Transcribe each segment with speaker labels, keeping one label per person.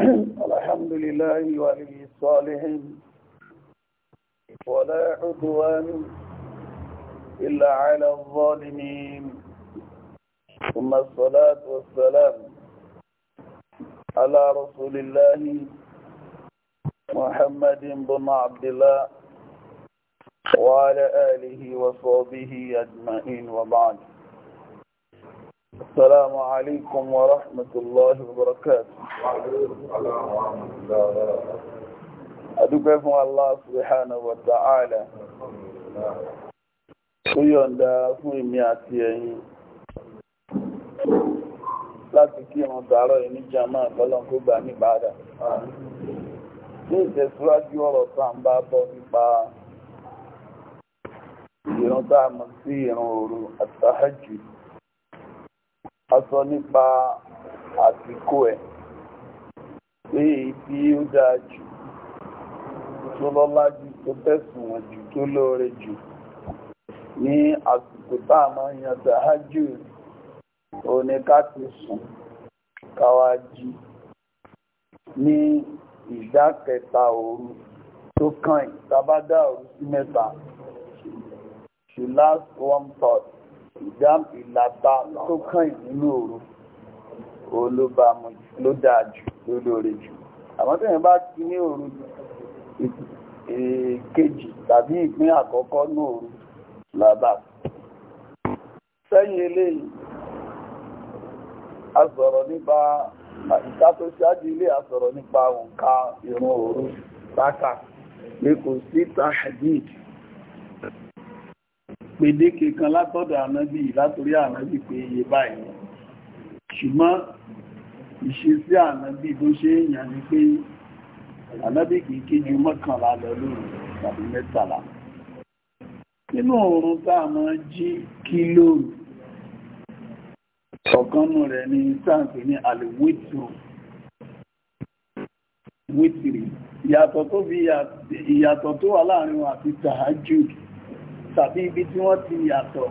Speaker 1: الحمد لله وله الصالحين ولا عدوان إلا على الظالمين ثم الصلاة والسلام على رسول الله محمد بن عبد الله وعلى آله وصحبه أجمعين وبعد السلام عليكم ورحمة الله وبركاته adúpẹ́ fún Allah subhanahu wa ta'ala tó yọ̀nda fún èmi àti ẹ̀yin láti kí wọn tààrọ̀ ìní jama ọlọ́n kó gbà ní bàdà ní a sọ nípa àsìkò ẹ̀ pé èyí tí ó dáa jù tó lọ́lá jù tó tẹ̀sùnwọ̀n jù tó lóore jù ní àsìkò tá a máa yan sàájù òní ká ti sùn káwá jí ní ìdá kẹta òru tó kàn yìí òru sí mẹ́ta she last one third ìdám ìlàbá tó kàn ìnínú òru olóbámu ló dáa jù lólóore jù àmọ́ tí èèyàn bá ti ní òru èkejì tàbí ìpín àkọ́kọ́ ní òru làbá sẹ́yìn eléyìí a sọ̀rọ̀ nípa ìta tó ṣáájú ilé a sọ̀rọ̀ nípa òǹkà ìrun òru sáka ní kò sí tahadid pèdéke kan látọ̀dọ̀ ànábì látorí ànábì pé iye báyìí ṣùgbọ́n ìṣesí ànábì bó ṣe èèyàn ni pé ànábì kìí kéjú mọ́kànlá lọ lóru tàbí mẹ́tàlá nínú oorun tá a máa jí kí lóru ọ̀kanú rẹ̀ ní sáǹsì ní àlèwìtò wítìrì ìyàtọ̀ tó wà láàrin wọn àti tàájúdì tàbí ibi tí wọ́n ti yàtọ̀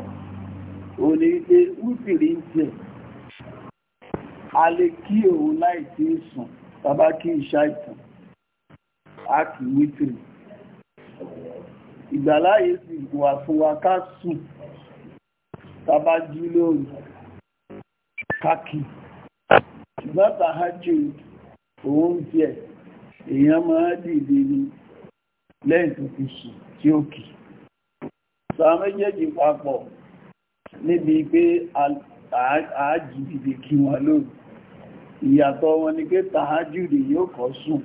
Speaker 1: ò ní ilé wútìrí ń tẹ̀ a lè kí òun láì tí ń sùn tàbá kí ìṣá ìtàn a kì í wútìrí ìgbàláyé sì wà fún wa ká sùn tàbá jí lóòrùn káàkì ṣùgbọ́n tàájú òun tiẹ̀ èèyàn máa dìde ní lẹ́yìn tó fi sùn tí ó kìí sọ méjèèjì papọ̀ níbi pé àájì dìde kí wọn lóòrùn ìyàtọ̀ wọn ni pé tàájúdì yóò kọ́ sùn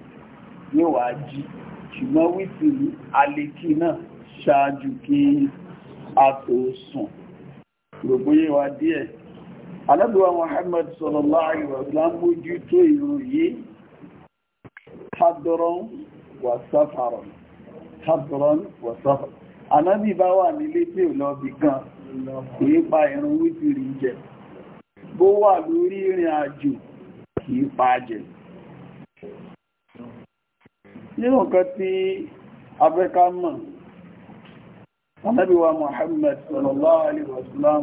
Speaker 1: yóò wá jí ṣùgbọ́n wítì alèkí náà ṣáájú kí a tó sùn gbogbo yé wa díẹ̀ alábíwá Muhammad sallallahu alaihi wa sallam mójú tó ìrun wa safaron hadron wa safaron ànábì bá wà nílé tí ò lọ bí kan kò yí pa ìrun wítìrì jẹ bó wà lórí ìrìn àjò kì í pa jẹ nínú nǹkan tí abẹ́ká mọ̀ ànábì wa Muhammad sallallahu alaihi wasallam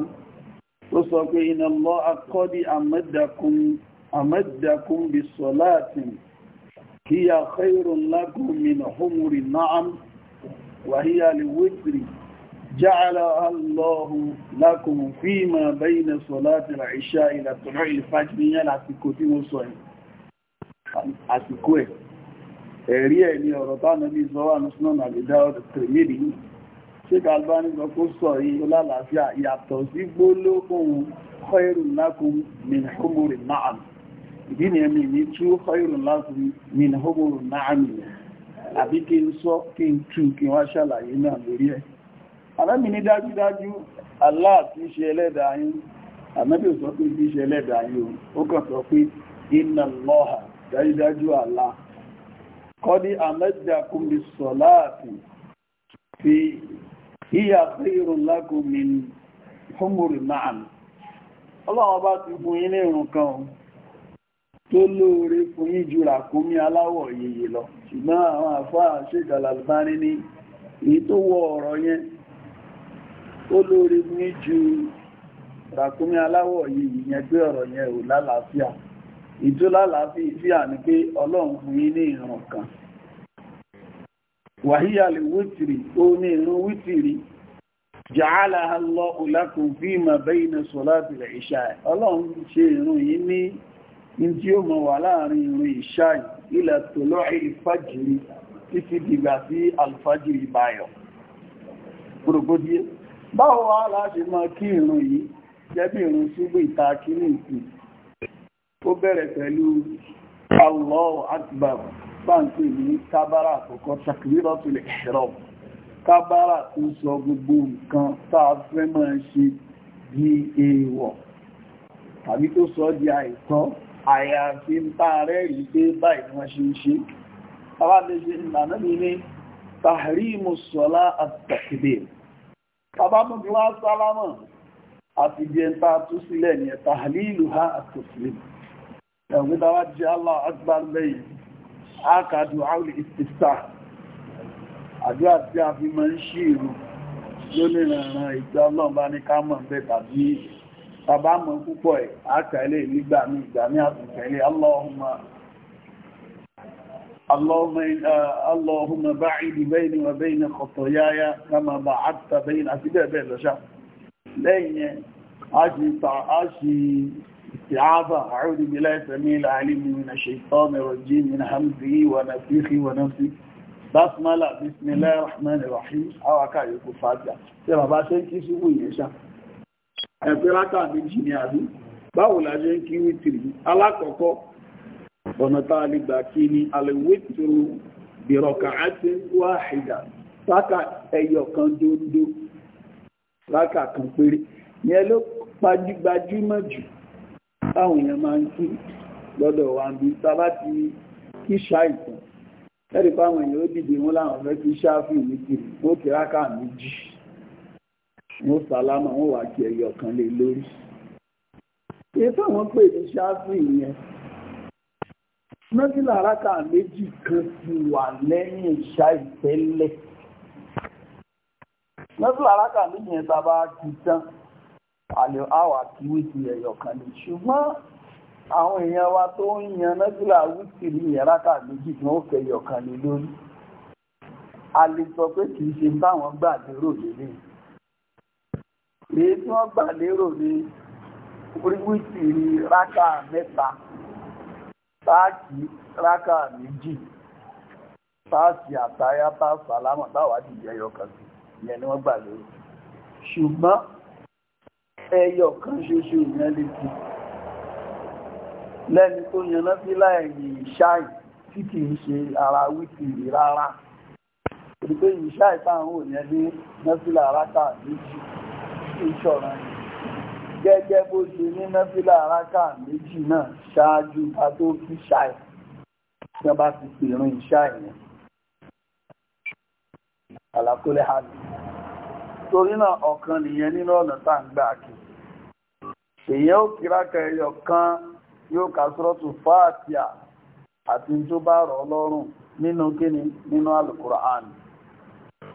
Speaker 1: tó sọ pé inna Allaha qad amadakum amadakum bisolaatin hiya khayrun lakum min humuri na'am وهي للوتر جعل الله لكم فيما بين صلاة العشاء إلى طلوع الفجر ní àsìkò tí mo sọ yìí àsìkò ẹ̀ ẹ̀rí ẹ̀ ni ọ̀rọ̀ táwọn ẹbí sọ́wọ́ àmúṣúná àgbèdá ọ̀dọ̀ tèmíìrì yìí Sheikh Albani sọ kó sọ yìí ọlálàáfíà yàtọ̀ sí gbólóhùn khairun lakum min humuri na'am ìdí ni ẹ̀mí ní tú khairun lakum min humuri na'am yìí àbí kí n sọ kí n tú kí wá ṣàlàyé náà lórí ẹ̀ àmẹ́bì ní dájúdájú Allah ṣe ẹlẹ́dàá yín àmẹ́bì ò sọ pé tí ṣe ẹlẹ́dàá O ó kàn sọ pé inna Allah dájúdájú Allah kọ́dí amẹ́dàkùn bí sọ̀láàtì fi hiya khairun lakum min humuri ma'am ọlọ́run bá ti fún yín ní kan tó lóore fún yí ju ràkúnmí aláwọ̀ yìí lọ ṣùgbọ́n àwọn àfáà Sheikh al ní èyí tó wọ ọ̀rọ̀ yẹn tó lóore fún ju ràkúnmí aláwọ̀ yìí yẹn gbé ọ̀rọ̀ yẹn ò lálàáfíà ìtó lálàáfíà pé ọlọ́run fún ní ìran kan wítìrì ó ní wítìrì jàálà sọ́lá ọlọ́run in tí ó mọ̀ wà láàrin ìrìn ìṣáì ilẹ̀ tó lọ́rẹ̀ ìfàjìrí títí dìgbà sí alfàjìrí báyọ̀ gbogbogbòdíé báwo wá láti máa kí ìrun yìí jẹ́bí ìrun ṣúgbò ìta kí ní ìpín ó bẹ̀rẹ̀ pẹ̀lú Allahu Akbar báńkì ní kábára tàbí tó sọ di àìtọ́ àyàfi ń bá rẹ̀ rí pé báyìí wọ́n ṣe ń ṣe bàbá lè ṣe ìlànà mi ní tahrimu sọ́lá àtàkìdè bàbá mú bí wá sálámọ̀ àti bí ẹn tá sílẹ̀ ní ẹ̀ta ha àtòsílẹ̀ ẹ̀wọ́n tó wá jẹ́ Allahu akbar lẹ́yìn ákàdù áwùlì ìsìsà àdúrà tí a fi máa ń ṣí ìrù lónìí ní ká mọ̀ bẹ́ẹ̀ tàbí bàbá mọ̀ púpọ̀ ẹ̀ àkàílẹ̀ e nígbà ní ìgbà ní àtìkẹ̀lẹ̀ e. Allahumma Allahumma ba'idi bayni wa bayna khatayaya kama ba'adta bayna àti bẹ́ẹ̀ lọ́ṣà lẹ́yìn a ṣe ìtìáàbà a'udhu billahi samil alim minash shaitanir rajim min hamzihi wa nafthihi wa nafthihi basmala bismillahir rahmanir rahim awaka yóò kò fàájà tí bàbá ṣe ń kí sí wù ẹ̀fẹ́ rákà méjì ní àrí báwo la ṣe ń kí wítìrì alákọ̀ọ́kọ́ ọ̀nà tá a lè gbà kí ni alẹ́wẹ́tìrò bìrọ̀kà àti wáhìdà rákà ẹyọ kan dóńdó rákà kan péré yẹn ló gbajúmọ̀ jù táwọn èèyàn máa ń kí lọ́dọ̀ wa ń bí sábà ti kí ṣáìtàn ẹ̀rí fáwọn èèyàn ó dìde wọn láwọn fẹ́ kí ṣáfì ní kiri ó kí rákà méjì wọ́n sálámà wọ́n wà kí ẹyọ kan lé lórí èyí táwọn pè ní ṣáàfì yẹn mẹ́fìlà aráka méjì kan ti wà lẹ́yìn ìṣá ìtẹ́lẹ̀ mẹ́fìlà aráka méjì yẹn tàbá ti tán àlè àwà kí wíìtì ẹyọ kan lè ṣùgbọ́n àwọn èèyàn wa tó ń yan mẹ́fìlà wíìtì ní aráka méjì kan ó fẹ́ ẹyọ kan lé lórí a lè sọ pé kì í ṣe báwọn gbàdérò lélẹ́yìn èyí tí wọ́n gbà lérò ní oríwìtì ní rákà mẹ́ta táàkì rákà méjì táàkì àtàyà tá sàlámà táwàdì ẹyọ kan sí ìyẹn ni wọ́n gbà lérò ṣùgbọ́n ẹyọ kan ṣoṣo ìyẹn lè ti lẹ́ni tó yanná sí láẹ̀yìn ìṣáì tí kì í ṣe ara wítìrì rárá ìpé ìṣáì táwọn òyìn ní nọ́sílà rákà méjì kì í gẹ́gẹ́ bó ṣe ní náfílà aráka méjì náà ṣáájú ká tó kí ṣáì tí wọ́n bá ti pèrún ìṣáì yẹn àlàkólé hàlù torí náà ọ̀kan nìyẹn nínú ọ̀nà tá à ń gbà kí èèyàn ó kíráka ẹyọ kan yóò kà sọ́rọ́tù fáàtìà àti tó bá rọ̀ ọlọ́run nínú kíni nínú àlùkùránì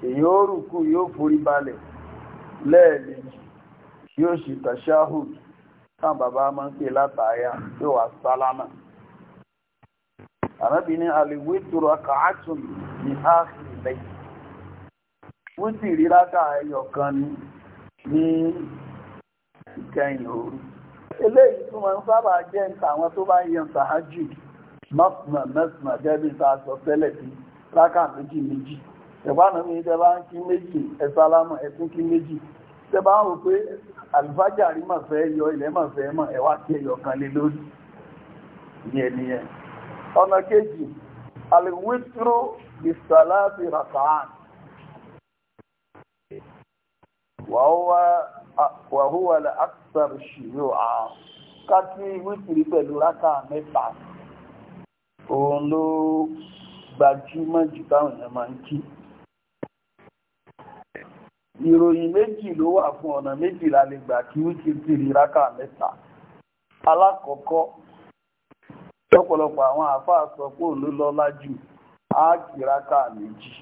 Speaker 1: èèyàn ó rùkú yóò forí balẹ̀ lẹ́ẹ̀mejì yóò ṣe tashahud táwọn bàbá máa ń pè látàáyá yóò wá sálámà àrábìnrin àlèwétòrò akàátùn ní áàfìlẹ̀ wọ́n sì rí rákà ẹyọ kan ní ìkẹyìn òru eléyìí tó máa ń sábà jẹ́ nǹkan àwọn tó bá ń yan sàájì mọ́sùmọ̀ mẹ́sùmọ̀ gẹ́gẹ́ sọ tẹ́lẹ̀ bí rákà méjì méjì ìbánu mi tẹ bá ń kí méjì ẹ̀sálámà ẹ̀tún kí méjì tẹ bá ń rò pé àlùfájà rí mà fẹ́ yọ ilẹ̀ mà fẹ́ mọ̀ ẹ̀wà tí ẹ̀yọ kan lé lórí yẹn nìyẹn ọ̀nà kejì alìwítúrò ìsàlásì rakaán wàhúwà lè àkùsàr ṣìyó à kákí wítìrí pẹ̀lú rákà mẹ́ta òun ló gbajúmọ̀ jù táwọn èèyàn máa ń kí ìròyìn méjì ló wà fún ọ̀nà méjìlá lè gbà kí wíkì rákà mẹ́ta alákọ̀ọ́kọ́ lọ́pọ̀lọpọ̀ àwọn àáfàá sọ pé òun ló lọ́lá jù á kí rákà méjì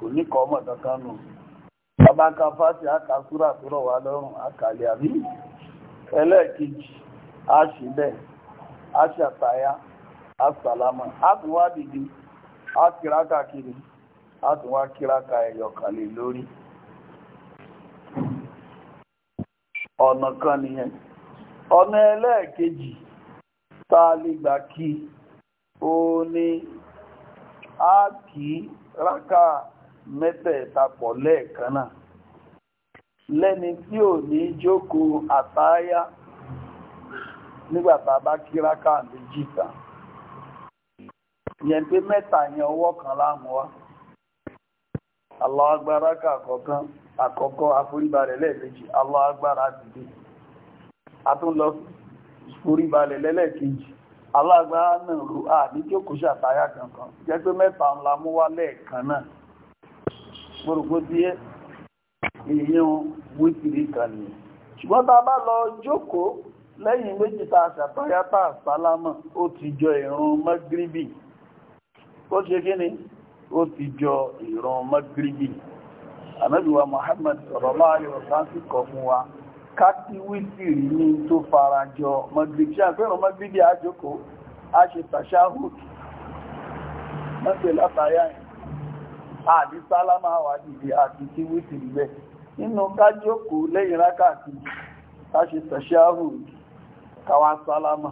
Speaker 1: kò ní kọ́ ọmọ kankan nù bàbá fásitì àka súrà tó rọ̀ wá lọ́rùn àbí ẹlẹ́ẹ̀kejì á ṣe bẹ́ẹ̀ á ṣàtàyà á kiri. a tún wá kíráka ẹ̀yọ̀kan lè lórí ọ̀nà kan nìyẹn ọ̀nà ẹlẹ́ẹ̀kejì tá a lè gbà kí ó ní a kì í ráka mẹ́tẹ̀ẹ̀ta pọ̀ lẹ́ẹ̀kan náà lẹ́ni tí ò ní jókòó àtáyá nígbà tá a bá kí ráka méjì tán yẹn pé mẹ́ta yẹn ọwọ́ kan láàmú wá. Allahu Akbar àkọ́kọ́ àkọ́kọ́ àforíbalẹ̀ lẹ́ẹ̀kejì Allahu Akbar àdìdì àtúnlọ foríbalẹ̀ lẹ́ẹ̀kejì Allahu Akbar náà ro àdíjókòó ṣàtàyà kankan jẹ́ pé mẹ́ta ńlá mú wá lẹ́ẹ̀kan náà gbọ́rùgbó díẹ̀ èèyàn wítìrí kan ni ṣùgbọ́n tá a bá lọ jókòó lẹ́yìn méjì tá ṣàtàyà tá sálámà ó ti jọ ìrun mọ́gíríbì ó ṣe kí ni ó ti jọ ìran mọ́gírígì ànábìwá Muhammad sallallahu alaihi wasallam sì fún wa ká kí ní tó fara jọ a ṣe tashahud mọ́sẹ̀ látàyà àdí sálámà wà dìde àti kí wítìrì bẹ́ẹ̀ nínú ká lẹ́yìn rákàtì ká ṣe tashahud káwá sálámà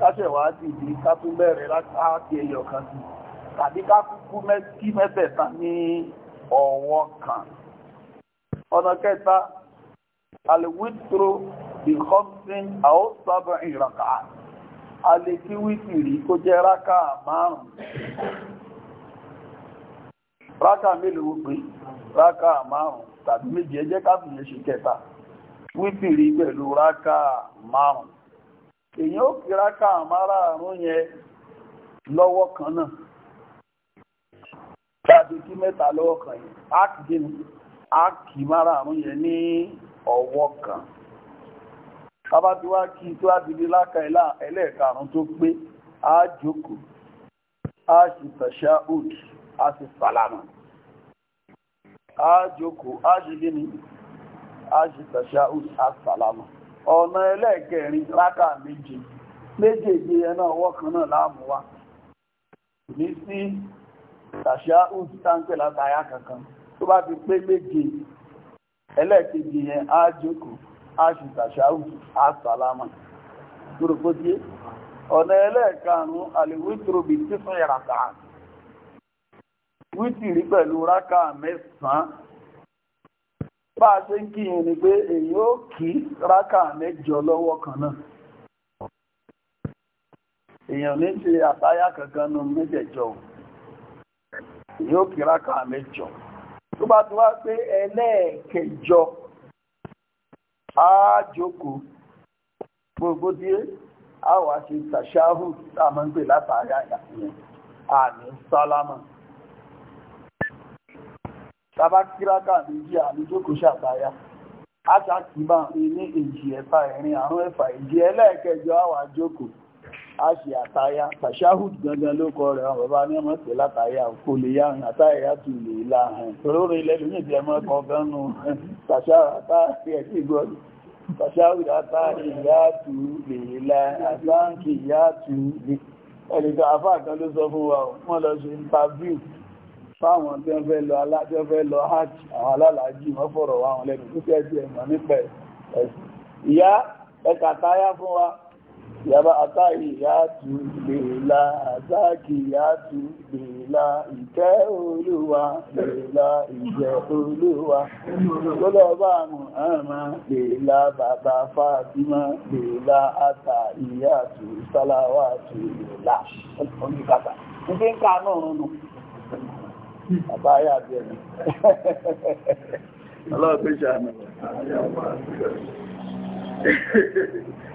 Speaker 1: káṣẹ̀wá dìde ká tún bẹ̀rẹ̀ láti ẹyọ kan sí i tàbí ká kúkú kí mẹ́tẹ̀ẹ̀ta ní ọ̀wọ́ kan ọ̀nà kẹta alwitro bi khamsin aw sab'i rak'at a lè kí wítìrí kó jẹ́ rákà márùn-ún rákà mélòó pé rákà márùn-ún tàbí méjì ẹ jẹ́ ṣe kẹta wítìrí pẹ̀lú rákà márùn-ún èyàn ó kí rákà márùn-ún yẹn lọ́wọ́ kan náà gbáàdé kí mẹ́ta lọ́wọ́ kan yìí á kì í á kì í mára àrùn yẹn ní ọwọ́ kan bàbá tí wàá kí tó àdìdí láka ẹlẹ́ẹ̀karùn tó pé á jókòó á sì tẹ̀sà òdì á sì sàlámà á jókòó á sì gíní á sì tẹ̀sà òdì á sàlámà ọ̀nà ẹlẹ́ẹ̀kẹrin láka méje méjèèjì yẹn náà ọwọ́ kan náà láàmú wa kò ní sí tàṣà òsì táǹpẹ̀ látàyà kankan tó bá ti pé méje ẹlẹ́ẹ̀kejì yẹn á jókòó á sì tàṣà òsì á sàlámà gbòrògbòdìé ọ̀nà ẹlẹ́ẹ̀karùn-ún àlèwítòrò bíi tí fún ìràkà wítìrí pẹ̀lú rákà mẹ́sàn-án bá a ṣe ń kí yẹn ni pé èyí ó kí rákà mẹ́jọ lọ́wọ́ kan náà èèyàn ní ṣe àtáyà kankan nu méjèèjọ òun yóò kíra ká mẹ́jọ tó bá ti wá pé ẹlẹ́ẹ̀kẹjọ á jókòó gbogbo díẹ̀ á wá ṣe tàṣáhù tá a máa ń pè látàrí àyà yẹn àní sálámà tàbá kíra ká méjì àní jókòó ṣàtàyà á ṣàkíbà ní èjì ẹ̀fà ẹ̀rin àrún ẹ̀fà èjì ẹlẹ́ẹ̀kẹjọ á wá a ṣe àtayá tàṣáhùd gangan ló kọ rẹ̀ àwọn bàbá ní ọmọ pè látàyà kò lè yá hàn àtàyà tù lè la hàn tòróró ilẹ̀ ló ní ìdíyẹmọ́ kan gan nù tàṣáhùd àtàyà tù lè la àtàǹkì yá tù lè ẹ̀lẹ́gbẹ̀ àfáà kan ló sọ fún wa wọ́n lọ ṣe interview fáwọn tí wọ́n fẹ́ lọ alájọ́ fẹ́ lọ hajj àwọn alálàájì wọ́n fọ̀rọ̀ wá wọn lẹ́nu tó fẹ́ ẹ̀mọ̀ nípa ẹ̀sìn ìyá ẹ̀kà táyá fún wa yàrá àtàrí ìyáàtú lèèlà àtàkì ìyáàtú lèèlà ìtẹ́ olúwa lèèlà ìjẹ olúwa lọ́lọ́bà mọ̀hánmà lèèlà bàbá fàtímà lèèlà àtà ìyáàtú sálàwàtú lèèlà oníkàtà nígbé ń ká náà rúnnù bàbá ayé àti ẹ̀mí ọlọ́ọ̀gbẹ́sà náà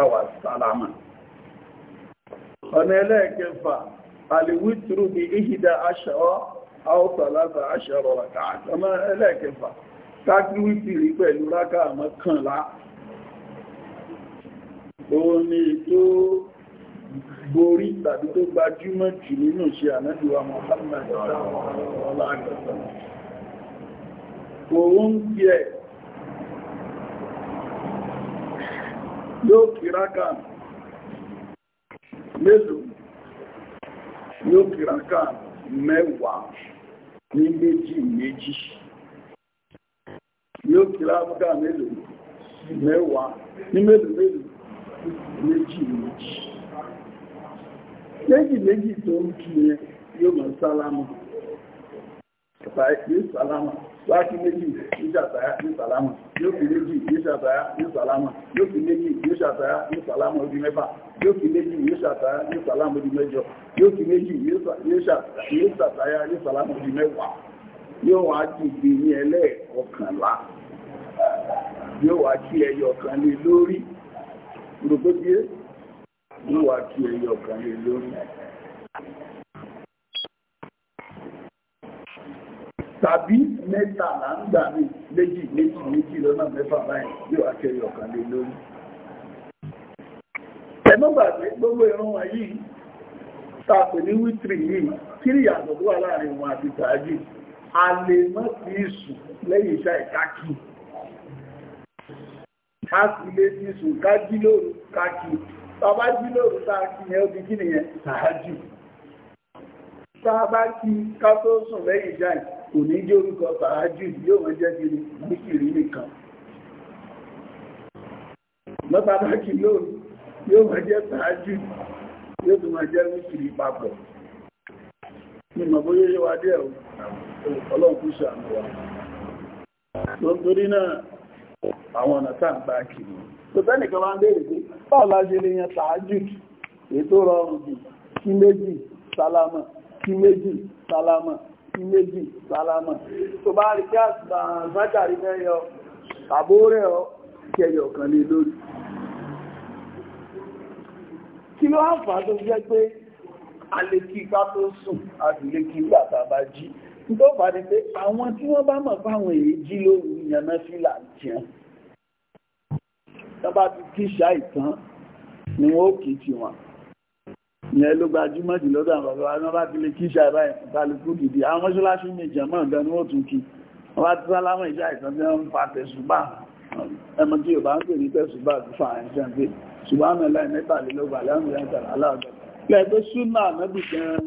Speaker 1: àwà sálámà ọ̀nà ẹlẹ́ẹ̀kẹfà alìwítìrú bí ìhìdá aṣọ́ àwọ̀sàlásà aṣọ́rọ̀ ràkà àtọ́mọ́ ẹlẹ́ẹ̀kẹfà kákíwítìrí pẹ̀lú rákà mọ́kànlá òní tó borí tàbí tó gbajúmọ̀ jù nínú ṣe ànájúwà Muhammad ọ̀rọ̀ ọ̀rọ̀ yóò kìrákà mélòó yóò kìrákà mẹ́wàá ní méjì méjì yóò kìrákà mélòó mẹ́wàá ní mélòó mélòó méjì méjì méjì méjì tó ń kí yẹn yóò mọ̀ sálámù ẹ̀fà ìpín sálámù láti méjì níjà sálámù yóò fi méjì yóò ṣàtàyà yóò sàlámà yóò fi méjì yóò ṣàtàyà yóò sàlámà ó di mẹ́fà yóò fi méjì yóò ṣàtàyà yóò sàlámà ó di mẹ́jọ yóò fi méjì yóò ṣàtàyà yóò sàlámà ó di mẹ́wàá yóò wá dìde ní ẹlẹ́ẹ̀kọkànlá yóò wá kí ẹyọ kan lé lórí gbogbo díẹ̀ yóò wá kí ẹyọ kan lé lórí tàbí mẹ́ta là ń gbà ní méjì méjì méjì lọ́nà mẹ́fà báyìí yóò akẹ́rì ọ̀kan lé lórí ẹ̀mọ́gbàgbé gbogbo ìran wọn yìí tàpẹ̀ ní wítìrì yìí kiri yàtọ̀ tó wà láàrin wọn àti tàájì a lè mọ́ sí ìsù lẹ́yìn iṣẹ́ ìkákì a sì lè ti sùn kájí lóru kákì bàbá jí lóru kákì yẹn ó di kí nìyẹn tàájì tá a bá kí ká tó sùn lẹ́yìn iṣẹ́ kò ní jẹ́ orúkọ tààjù yóò wọ́n jẹ́ kiri níkiri nìkan lọ́ta bá kí lóòrùn yóò wọ́n jẹ́ tààjù yóò tún wọ́n jẹ́ níkiri papọ̀ ní mọ̀ bóyá yóò wá díẹ̀ ọlọ́run kú ṣàánú wa lóńtorí náà àwọn ọ̀nà tá à ń gbà kiri kò sẹ́nìkan wá ń béèrè pé báwo la ṣe lè yan tààjù ètò rọrùn jù kí méjì sálámà kí méjì sálámà sí méjì sálámà tó bá rí kí àtìbà sájàrí mẹ́yọ tàbó rẹ̀ ọ kẹyọ kan lè lórí kí ló àǹfà tó jẹ́ pé a lè kí ká tó sùn a sì lè kí ìgbà tàbá jí tó bá rí pé àwọn tí wọ́n bá mọ̀ fáwọn èyí jí lóru ìyànná fìlà jẹun tó bá ti kíṣà ìtàn ni wọ́n kì í ti wọn ìyẹn ló gbajúmọ̀ jù lọ́dọ̀ àwọn bàbá wọn bá fi lè kí ìṣà ìbáyìí kálukú dìde àwọn mọ́ṣáláṣí ní ìjàmọ́ ọ̀dọ́ ni wọ́n tún kí wọ́n bá ti sálámọ̀ ìṣà ìtàn tí wọ́n ń fa tẹ̀sùbá ẹmọ tí yorùbá ń pè ní tẹ̀sùbá fa ẹ̀ṣẹ̀ pé ṣùgbọ́n àwọn ẹlẹ́yìn mẹ́tàlélọ́gbà lẹ́yìn mẹ́tàlá aláàbẹ̀ lẹ́gbẹ́ súnà ànábì gan-an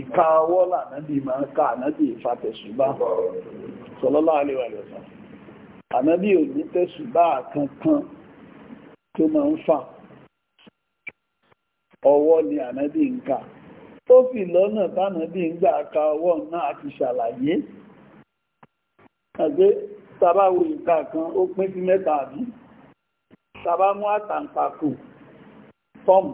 Speaker 1: ìka ọwọ́ lànábì máa ń ká ànábì ìfatẹ̀sùbá sallallahu alaihi wasallam ànábì ò ní tẹ̀sùbá kankan tó máa ń ọwọ́ ni ànábì ń kà tó fi lọ́nà tánàbí ń gbà ka ọwọ́ náà ti ṣàlàyé àgbé tàbáwò ìka kan ó pín sí mẹ́ta àbí tàbá mú àtàǹpàkò fọ́ọ̀mù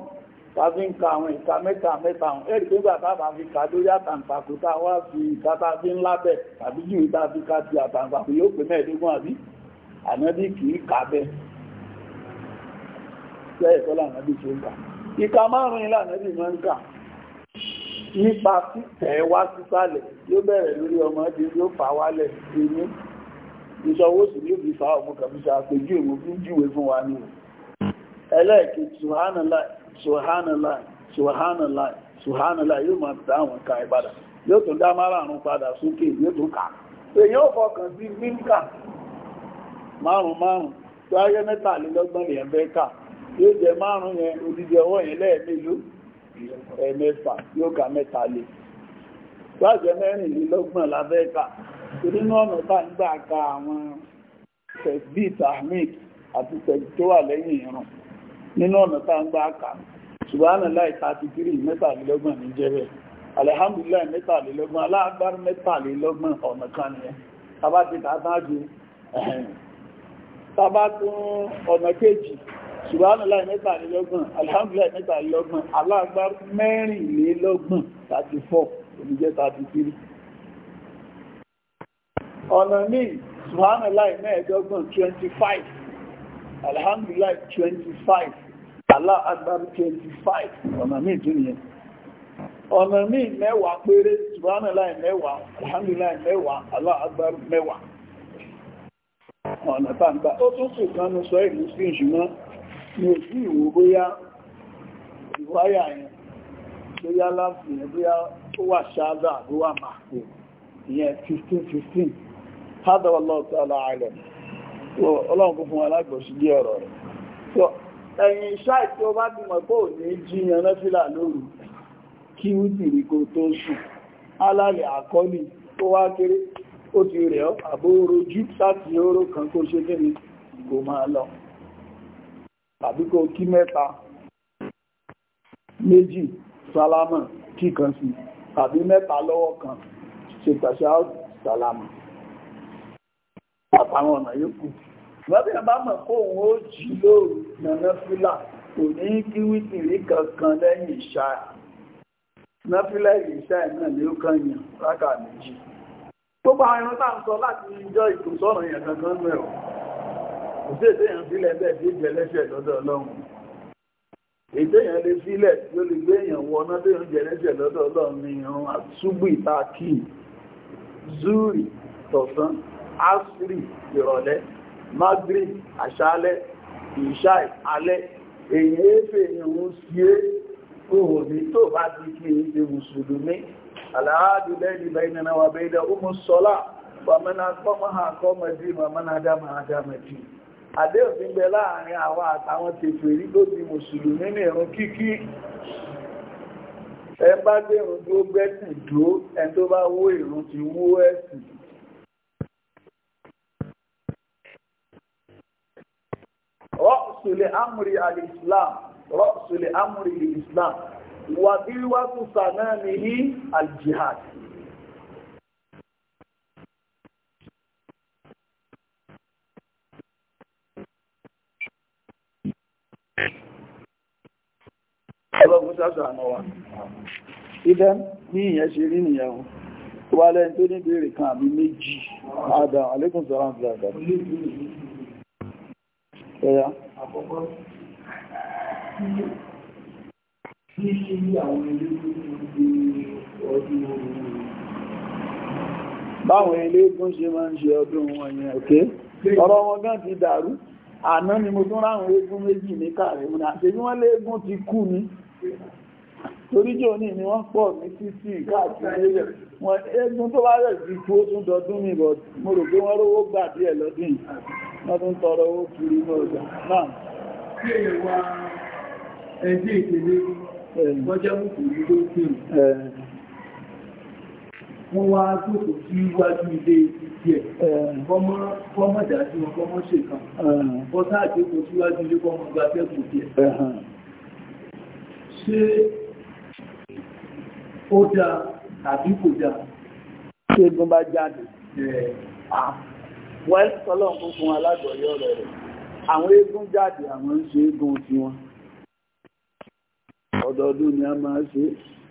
Speaker 1: tàbí ń ka àwọn ìka mẹ́ta mẹ́ta àwọn ẹ̀rì pé gbà tàbá fi ka lórí àtàǹpàkò tá wá fi ìka tá fi ń lábẹ̀ tàbí jù tá fi ka ti àtàǹpàkò yóò pé mẹ́ẹ̀ẹ́dógún àbí ànábì kì í kà Bẹ́ẹ̀ sọ́lá ànábì ṣe ń kà. ìka márùn-ún ìlànà bí máa ń kà nípa títẹ̀ wá sísàlẹ̀ yóò bẹ̀rẹ̀ lórí ọmọdé yóò fà wálẹ̀ inú ìṣọwọ́ sí ní òbí ọmọ àpèjú èmú fún fún wa ní ẹlẹ́ẹ̀kejì ṣùhánàlá ṣùhánàlá ṣùhánàlá ṣùhánàlá yóò máa tẹ àwọn ká yóò yóò jẹ márùn yẹn odidi ọwọ yẹn lẹ́ẹ̀mélòó ẹ̀mẹ́fà yóò ka mẹ́ta lé gbájẹ mẹ́rìnlélọ́gbọ̀n lábẹ́ẹ̀ka onínú ọ̀nà tá ń gbà ka àwọn tẹ̀sbí tahmid àti ati tó wà lẹ́yìn ìran nínú ọ̀nà tá ń gbà ka ṣùgbọ́n láì tàbí kiri mẹ́tàlélọ́gbọ̀n ní jẹ́rẹ̀ alihamdulilayi mẹ́tàlélọ́gbọ̀n aláàgbárí mẹ́tàlélọ́gbọ̀n ọ̀nà kan nìyẹn ti ju subhanallah mẹ́tàlélọ́gbọ̀n alhamdulillah mẹ́tàlélọ́gbọ̀n aláàgbá mẹ́rìnlélọ́gbọ̀n 34 oníjẹ́ 33 ọ̀nà ní subhanallah mẹ́ẹ̀dọ́gbọ̀n 25 alhamdulillah 25 aláàgbá 25 ọ̀nà ní ìdúnyẹn ọ̀nà ní mẹ́wàá péré subhanallah mẹ́wàá alhamdulillah mẹ́wàá aláàgbá mẹ́wàá ọ̀nà tàbí ó tún sì kan ní sọ ìlú sí ìṣúná ní òsí ìwò bóyá ìwáyà yẹn bóyá láti yẹn bóyá ó wà ṣáádà ló wà máa pè ìyẹn 15-15 hádà wà ọlọ́run kún fún alágbòsí bí ọ̀rọ̀ rẹ̀ so ẹ̀yìn iṣẹ́ tí ó bá dìmọ̀ pé ò ní jíyan lọ́fílà lóru kí ó sì rí kó tó sùn alálẹ̀ àkọ́lì tó wá kéré ó ti rẹ̀ ọ́ àbó orojú láti oró kan kó ṣe kí kò máa lọ tàbí kó kí mẹ́ta méjì sálámà kíkan sí tàbí mẹ́ta lọ́wọ́ kan ṣe tàṣà sálámà àtàwọn ọ̀nà yòókù lọ́bí ẹ̀ bá mọ̀ kó òun ó jí lóòrù nànáfílà kò ní kí wítìrí kankan lẹ́yìn ìṣá nànáfílà ìṣá náà ni ó kàn yàn rákà méjì tó bá ẹran tá à ń sọ láti ìjọ ìtòsọ́nà yẹn kankan mẹ́rọ kò sí èdè èèyàn sílẹ̀ bẹ́ẹ̀ tí ó jẹ lẹ́sẹ̀ lọ́dọ̀ ọlọ́run èdè èèyàn lè sílẹ̀ tí ó lè gbé èèyàn wọ ọ̀nà tó ń jẹ lẹ́sẹ̀ lọ́dọ̀ ọlọ́run ní irun àṣùgbù ìta zuri tọ̀sán asri ìrọ̀lẹ́ magri àṣálẹ́ ìṣáì alẹ́ èèyàn éfè ìrun sí é òhùn ní tó bá ti kí èyí ti mùsùlùmí aláàdù lẹ́yìn bẹ́yìn náà wà bẹ́yìn náà ó mú sọ́lá wà mẹ́nà kọ́mọ́ àdéhùn laarin awa bẹ láàrin àwọn àtàwọn tèfèrí tó di mùsùlùmí ní ìrun kíkí ẹ bá gbẹ̀rún tó gbẹ́sìn dúró ẹ tó bá wó ìrun ti wó ẹ̀sìn rọ́ọ̀sùlẹ̀ amúrí alìsílám rọ́ọ̀sùlẹ̀ amúrí alìsílám wà bí wàtúnsà aljihad ọlọ́gbọ́n sáàtọ̀ àná wa ibẹ̀ ní ìyẹn ṣe rí nìyẹn tó wá lẹ́yìn tó ní ìbéèrè kan àbí méjì adam alekun sọ́rọ̀ àti àgbà ẹ̀yà báwọn ilé ìgbọ́n ṣe máa ń ṣe ọdún wọn yẹn òkè ọ̀rọ̀ wọn gan ti dàrú àná ni mo tún ráhùn eégún méjì ní káàrẹ̀ òun àti bí wọ́n léégún ti kú ni toríjò ní ni wọ́n pọ̀ ní títí káàkiri ilẹ̀ wọ́n eégún tó bá rẹ̀ sí kú ó tún dọdún ní ìbọ̀ mo rò pé wọ́n rówó gbà díẹ̀ lọ́dún yìí wọ́n tún tọrọ owó kiri wọ́n wá jókòó sí iwájú ilé ìjẹ́ kọ́mọ̀ dájú wọn kọ́mọ̀ ṣe kan eh. bọ́tá àjókòó sí iwájú ilé kọ́mọ̀ gba tẹ́kùn díẹ̀ eh. ṣé ó dá tàbí kò dá ṣe gun bá jáde eh. ah. wọ́n tọ́lọ̀ fún fún alágbọ̀yọ́ rẹ̀ àwọn eégún jáde àwọn ń ṣe eégún tiwọn ọdọọdún ni a máa ṣe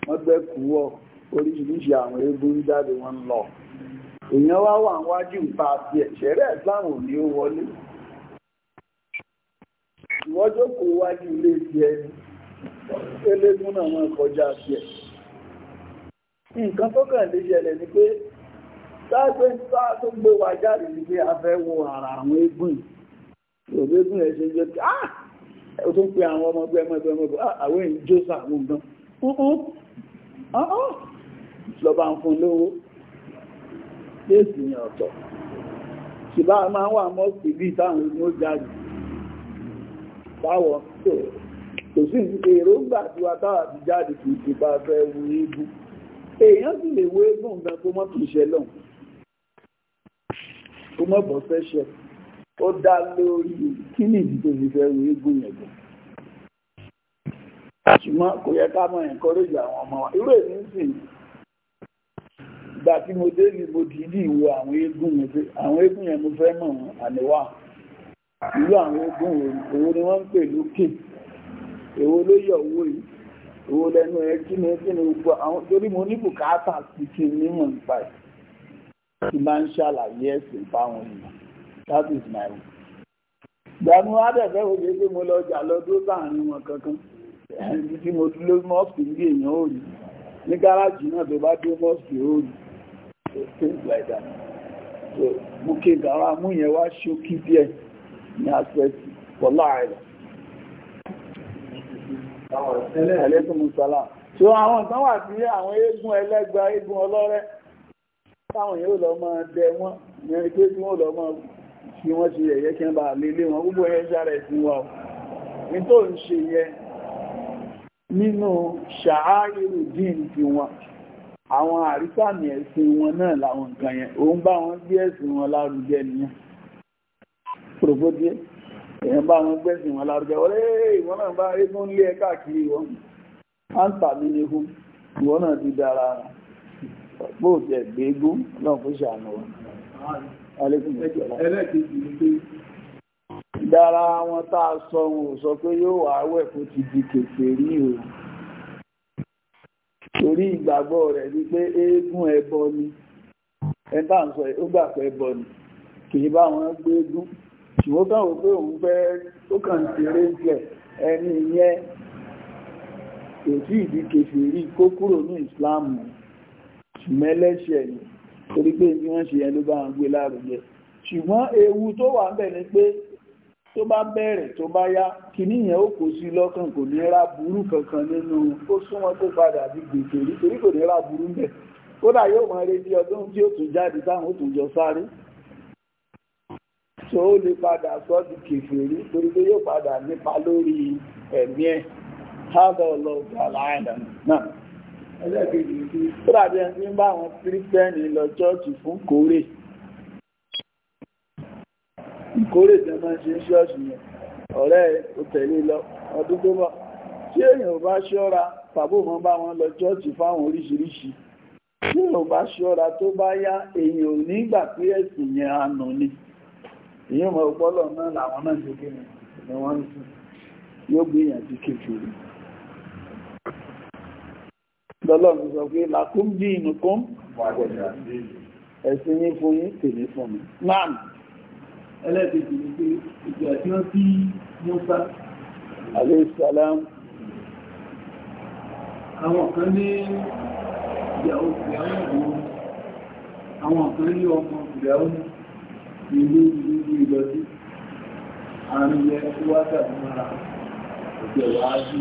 Speaker 1: wọ́n gbẹ́kùú wọ̀ oríṣiríṣi àwọn eégún jáde wọn lọ èèyàn wá wà wájú ìpa àti ẹ̀ṣẹ̀rẹ́ ìsìláàmù ni ó wọlé ìwọ́n jókòó wájú ilé ti ẹni eléégún náà wọn kọjá sí ẹ̀ nǹkan tó kàn lè ṣẹlẹ̀ ni pé sáàgbé sáà tó gbé wa jáde ni pé a fẹ́ wo ara àwọn eégún ògbégún ẹ̀ ṣe jẹ́ pé ah ó tún pe àwọn ọmọ ẹgbẹ́ ẹgbẹ́ ẹgbẹ́ ah! àwọn èèyàn jó sáà wọn gan lọ́ba ń fún lówó léèsì yẹn ọ̀tọ̀ ṣùgbá máa wà mọ́sí bí táwọn ní ó jáde báwọn tó kò sí ìsìnkú èròǹgbà tí wà táwà ti jáde kì í ti bá fẹ́ wu eégún èèyàn sì lè wo eégún gan kó mọ́ kì í ṣe lọ́hùn kó mọ́ bọ́ fẹ́ṣẹ̀ ó dá lórí kí ni ìdìbò ti fẹ́ wu eégún yẹn gan ṣùgbọ́n kò yẹ ká mọ ẹ̀ńkọ́rẹ́jì àwọn ọmọ wa irú èmi ń sìn ìgbà tí mo dé ní mo dìídì wo àwọn eégún àwọn eégún yẹn mo fẹ́ mọ̀ wọn àníwá ìlú àwọn eégún òwò ni wọ́n ń pè lókè èwo ló yọ owó yìí èwo lẹ́nu ẹ̀ kí ni kí ni gbogbo àwọn torí mo ní bùkátà sí kí n nímọ̀ nípa ẹ̀ tí máa ń ṣàlàyé ẹ̀sìn fáwọn èèyàn that is my own. ìgbàanú adẹ̀fẹ́ wo ṣe pé mo lọ jà lọ́dún láàrin wọn kankan ẹni tí mo dúró mọ́ọ̀sì ní èèyàn òòlù ní gáràjì náà tó bá dúró mọ́ọ̀sì òòlù So things like that. So mo ké gàrà mú yẹn wá ṣókí díẹ̀ ní aspect wọlá àìlẹ̀. So àwọn kan wà sí àwọn eégún ẹlẹ́gba eégún ọlọ́rẹ́ táwọn yóò lọ máa dẹ wọ́n ní ẹni pé tí wọ́n lọ máa fi wọ́n ṣe ẹ̀yẹ́ kí wọ́n bá lè lé wọn gbogbo ẹ̀yẹ́ sára ẹ̀sìn wa ní tó ń ṣe yẹ nínú ṣàárìrù dín ti wọn àwọn àrísàmì ẹ̀sìn wọn náà làwọn nǹkan yẹn òun bá wọn gbé ẹ̀sìn wọn lárugẹ nìyẹn pòrògbódìé èèyàn bá wọn gbẹ́sìn wọn lárugẹ ọ̀rẹ́ ìwọ náà bá eégún lé ẹ káàkiri wọn áńtà mi ni fún ìwọ náà ti dára bóòtù ẹ̀gbẹ́ eégún náà kó ṣàánú wọn. ẹlẹ́kejì ni pé dára wọn tá a sọ wọn ò sọ pé yóò wá wẹ̀ kó ti di kèfèrí o torí ìgbàgbọ́ rẹ̀ ni pé eégún ẹbọ ni ẹ̀ńtà ń sọ ó gbà pé ẹbọ ni kì í bá wọn gbé eégún ṣùgbọ́n kan wò pé òun fẹ́ ó kàn ti ré ń jẹ ẹni yẹn kò sí ìdí kèfèrí kó kúrò ní ìsìláàmù mẹ́lẹ́ṣẹ̀ ni torí pé bí wọ́n ṣe yẹn ló bá wọn gbé lárugẹ ṣùgbọ́n ewu tó wà ń bẹ̀ ni pé tó bá bẹ̀rẹ̀ tó bá yá kìíní yẹn ó kò sí lọ́kàn kò ní ra burú kankan nínú ó súnmọ́ tó padà bí gbèsè rí torí kò ní ra burú ń bẹ̀ kódà yóò mọ retí ọdún tí ó tún jáde táwọn ó tún jọ sáré tó ó lè padà sọ di kèfèrí torí pé yóò padà nípa lórí ẹ̀mí ẹ̀ hábọ̀ ọlọ́ọ̀gá láàdà náà ẹlẹ́gbẹ̀ẹ́ kódà bí ẹni bá àwọn kírísítẹ́nì lọ chọ́ọ̀chì fún kórè ìkórè tẹ́ máa ṣe ń ṣọ́ọ̀ṣì yẹn ọ̀rẹ́ ò tẹ̀lé lọ ọdún tó bọ̀ tí èèyàn bá ṣọ́ra tàbí òun bá wọn lọ ṣọ́ọ̀ṣì fáwọn oríṣiríṣi tí èèyàn bá ṣọ́ra tó bá yá èèyàn ò ní gbà pé ẹ̀sìn yẹn àná ni èèyàn mọ̀ ọpọlọ náà làwọn náà ṣe kéde ni wọ́n ń sùn yóò gbìyànjú kékeré lọ́lọ́run sọ pé làkúndínú ẹ̀sìn yín fún yín tèmi fún mi ẹlẹ́dẹ̀dẹ̀ ní pé ìgbà tí wọ́n sí Musa alẹ́sàlám àwọn kan ní ìyàwó ìyàwó àwọn kan ní ọmọ ìyàwó ìlú ìlú ìlọ́sí àrin yẹ wákà mara ìjọba ájú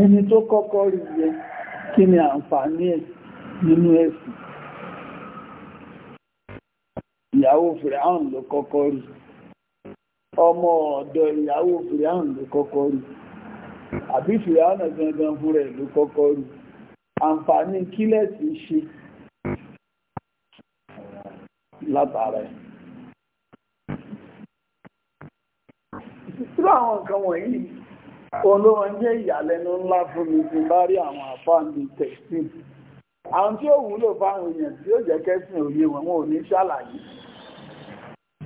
Speaker 1: ẹni tó kọ́kọ́ rí yẹ kí ni àǹfààní ẹ̀ nínú ẹ̀sìn ìyàwó fìràhàn ló kọ́kọ́ rí ọmọ ọ̀dọ̀ ìyàwó fìràhàn ló kọ́kọ́ rí àbí fìràhàn gangan fún rẹ̀ ló kọ́kọ́ rí àǹfààní kílẹ̀ ti ṣe látara ẹ̀ irú àwọn nǹkan wọ̀nyí olóhun jẹ́ ìyàlẹ́nu ńlá fún mi ti bá rí àwọn àfáàndì tẹ̀sí àwọn tí ó wúlò fáwọn èèyàn tí ó jẹ́ kẹ́sìn òye wọn wọn ò ní ṣàlàyé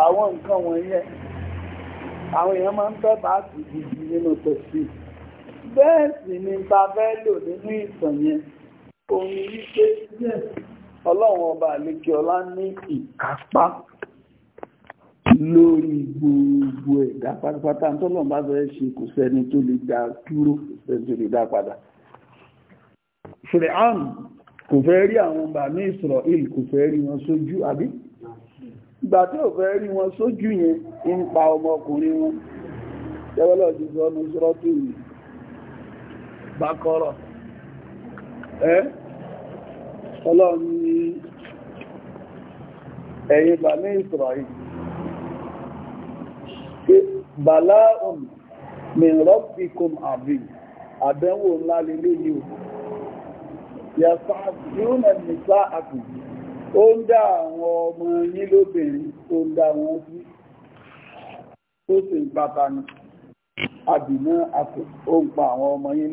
Speaker 1: àwọn nǹkan wọ̀nyẹn àwọn èèyàn máa ń fẹ́ bá sì gidi nínú tẹ̀sí bẹ́ẹ̀ sì ni ta fẹ́ lò nínú ìtàn yẹn òun wípé ọlọ́run ọba àlejò ọlá ní ìkápá lórí gbogbo ẹ̀dá pátápátá tó lọ́n bá bẹ̀rẹ̀ ṣe kò sẹ́ni tó lè dá dúró kò sẹ́ni tó lè dá padà. Fìrìhàn kò fẹ́ rí àwọn bàmí Ísírẹ́lì kò fẹ́ rí wọn sójú àbí ìgbà tí ò fẹ́ rí wọn sójú yẹn ń pa ọmọkùnrin wọn tẹ́wọ́lọ́ ti sọ ọdún sọ́rọ́tù bákọ́rọ̀ ẹ́ ọlọ́run ni ẹ̀yin bà ní ìsìrọ̀yìn bàlá ọ̀nà mìírànfíkùn àbí àdánwò ńlá lélẹ́yìn yà sáà tí ó nà nìsá àkùnjì ó ń dá àwọn ọmọ yín lóbìnrin ó ń dá wọn sí tó sì ń bàbá ni pa àwọn ọmọ yín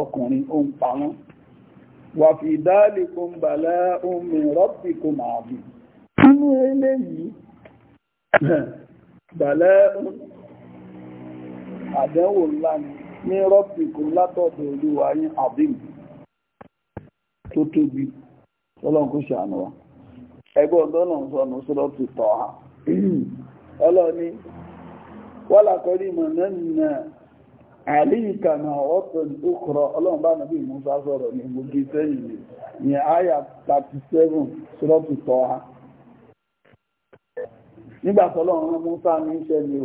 Speaker 1: ọkùnrin ó ń pa wọn wà fi dáàlì kún bàlá omi rọ́pì kún àbì nínú eléyìí bàlá àdánwò ńlá ni ní rọ́pì kún látọ̀dọ̀ olúwa yín àbí tó tóbi ọlọ́run ṣàánú wa. ẹgbọ́n tó nà ń sọnù sọ́rọ̀ ti tọ̀ ha ọlọ́ni wọ́n làkọ́rí mọ̀ náà àlíkà náà ọ̀tọ̀ tó kọ̀rọ̀ ọlọ́run bá nàbí Musa sọ̀rọ̀ ní gbogbo sẹ́yìn ni ní àyà 37 sọ́rọ̀ ti tọ̀ ha nígbà tọ́lọ́run Musa ní iṣẹ́ ni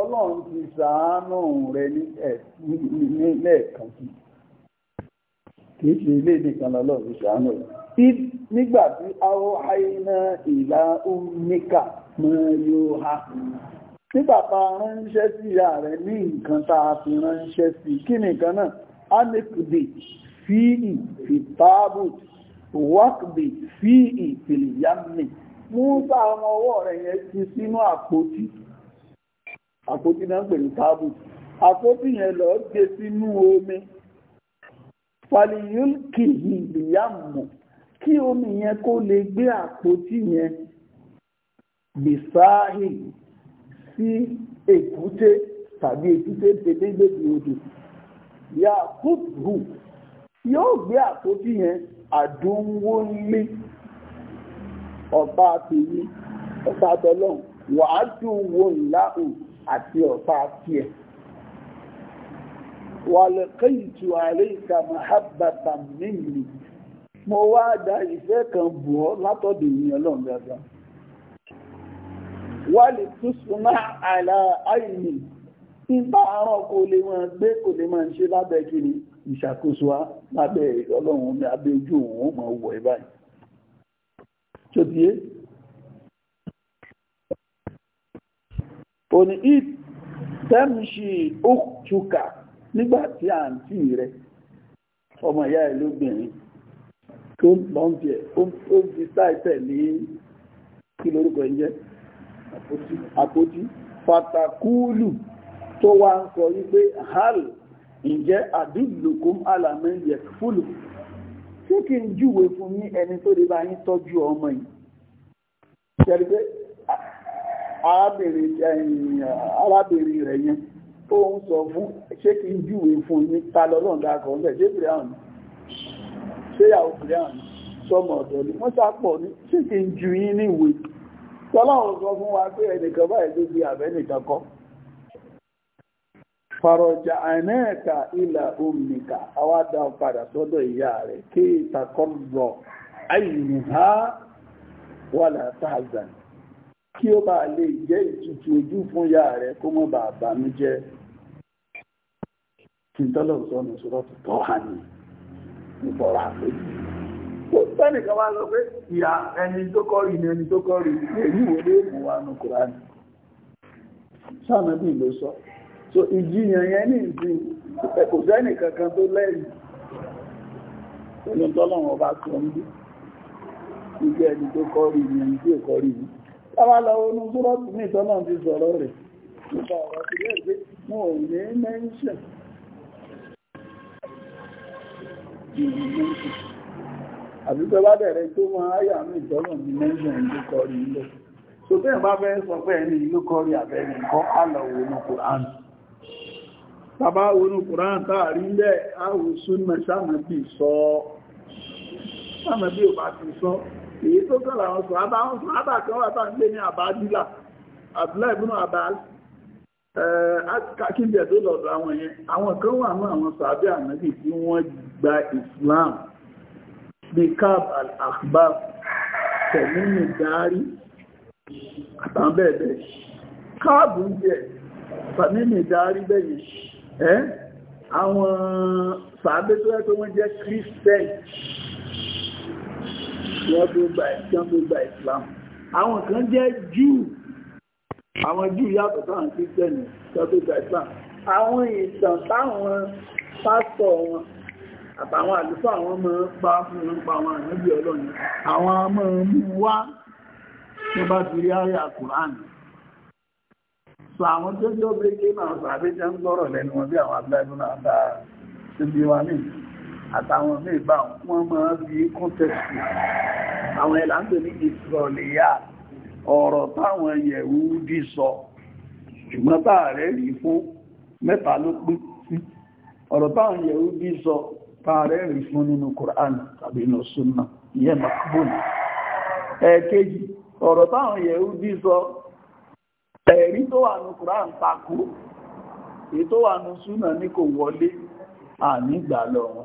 Speaker 1: ọlọ́run ti ṣàánú rẹ ní lẹ́ẹ̀kan sí kìí ṣe ilé nìkan lọ́lọ́run ṣàánú rẹ bí nígbà tí awọ àìná ìlà oníkà mọ́ yóò ha nígbà tá a ránṣẹ́ sí ìyá rẹ̀ ní nǹkan tá a fi ránṣẹ́ sí kí nìkan náà anekudi fíì fìtábùt wákìdì fíì fìlìyàmì mú sáà ọmọ ọwọ́ rẹ̀ yẹn ti sínú àpótí àpótí náà pẹ̀lú tábù àpótí yẹn lọ gbé sínú omi fàlìyúnkì ìgbìyàmù kí omi yẹn kó lè gbé àpótí yẹn bìsáàhì sí èkúté tàbí èkúté tẹ́lẹ́gbẹ̀bì odò yà kúrù yóò gbé àpótí yẹn àdúnwó lé ọ̀pá àtẹ̀yí ọ̀pá àtọ̀lọ́hùn wàá dùn wò láhùn àti ọ̀tá tiẹ̀. wàlẹ̀kẹ́yìntù àríkà mahabbata minni mo wá dá ìfẹ́ kan bù ọ́ látọ̀dọ̀ ìyẹn lọ́n gbàgbà wàlẹ̀ tó súnmọ́ àlà àìní nígbà àárọ̀ kò lè máa gbé kò lè máa ṣe lábẹ́ kiri ìṣàkóso wa lábẹ́ ọlọ́run ní abẹ́ ojú òun ó máa wọ̀ ẹ́ báyìí ó ní ìtẹ́mṣì òkúka nígbàtí àǹtí rẹ̀ ọmọ ìyá ẹ̀ lóbìnrin tó ń lọ ń jẹ ó ń fi sáìtẹ̀ ní kí lórúkọ ẹ̀ àpótí fatakúlù tó wá ń sọ wípé hal ǹjẹ́ àdúgbòkún alàmẹ́ yẹ fúlù ṣé kí n júwe fún ní ẹni tó lè bá yín tọ́jú ọmọ yìí Eh, arábìnrin rẹ̀ yẹn tó ń sọ fún ṣé kí n júwe fún ní ta dákọ̀ ń bẹ̀ àwọn ṣéyàwó ìpìlẹ̀ àwọn sọmọ ọ̀dọ̀ ni wọ́n sápọ̀ ní ṣé kí n ju yín ní ìwé tọ́lọ́run sọ fún wa pé ẹnìkan báyìí ló di àbẹ́nìkan kọ́ ilà àwa dá padà sọ́dọ̀ ìyá kí ó bá lè jẹ́ ìtutù ojú fún ya rẹ̀ kó mọ́ bàá bànújẹ́ kí n tọ́lọ̀ sọ́nà sọ́rọ̀ tó tọ́ hà ní ìfọ̀rọ̀ àpéjì ó tẹ́nìkan wá lọ pé ìyà ẹni tó kọ́rì ní ẹni tó kọ́rì èyí wò lè mú wa nù kùránì sáàmù ló sọ so ìjiyàn yẹn ní ìsìn kò sẹ́nì kankan tó lẹ́yìn pẹ̀lú tọ́lọ̀ wọn bá sọ ń bí Táwa lọ onú súrọ́tù ní ìtọ́nà ti sọ̀rọ̀ rẹ̀. Nípa ọ̀rọ̀ ti rẹ̀ pé mo ò ní mẹ́ńṣẹ̀. Àbí pé bá bẹ̀rẹ̀ tó máa áyà ní ìtọ́nà ti mẹ́ńṣẹ̀ ìlú Bàbá onú Kùránì táàrí ilẹ̀ àwòsún mẹ́sàmẹ́bí sọ. Sàmẹ́bí ò bá ti sọ èyí tó kàn láwọn sọ àbá wọn sọ àbá kan wà táà ń lé ní àbájúlà àbúlá ìbúnà àbá kíndẹ̀ tó lọ́dọ̀ àwọn yẹn àwọn kan wà náà àwọn sàábẹ́ ànábì tí wọ́n gba Islam bí Kab al-Akhbar tẹ̀mínú dárí àtàwọn bẹ́ẹ̀ bẹ́ẹ̀ káàbù ń jẹ́ tẹ̀mínú dárí bẹ́yìn ẹ́ eh, àwọn sàábẹ́ tó yẹ tó wọ́n jẹ́ Christian wọ́n tó gba ìtàn tó gba ìsìlámù àwọn kan jẹ́ júù àwọn júù yàtọ̀ sáwọn kírísítẹ́nì tó tó gba ìsìlámù àwọn ìtàn táwọn pásítọ̀ wọn àtàwọn àlùfáà àwọn ọmọ pa fún wọn pa àwọn ànábì ọlọ́run àwọn ọmọ mú wá tó bá ti rí ayé àkùránì sọ àwọn tó jọ bí kí náà sàbẹ́jẹ́ ń gbọ́rọ̀ lẹ́nu wọn bí àwọn abúlé náà bá ti bí wa nìyí àtàwọn ní ìbá wọn máa bí kọ́ntẹ̀sì àwọn ẹ̀láńtò ní ìsọ̀lẹ̀yà ọ̀rọ̀ táwọn yẹ̀wú dí sọ ṣùgbọ́n táàrẹ rí fún mẹ́ta ló pín sí ọ̀rọ̀ táwọn yẹ̀wú dí sọ táàrẹ rí fún nínú Kùránì tàbí nínú súnà ìyẹn makbul ẹ̀ẹ̀kejì ọ̀rọ̀ táwọn yẹ̀wú lọ́wọ́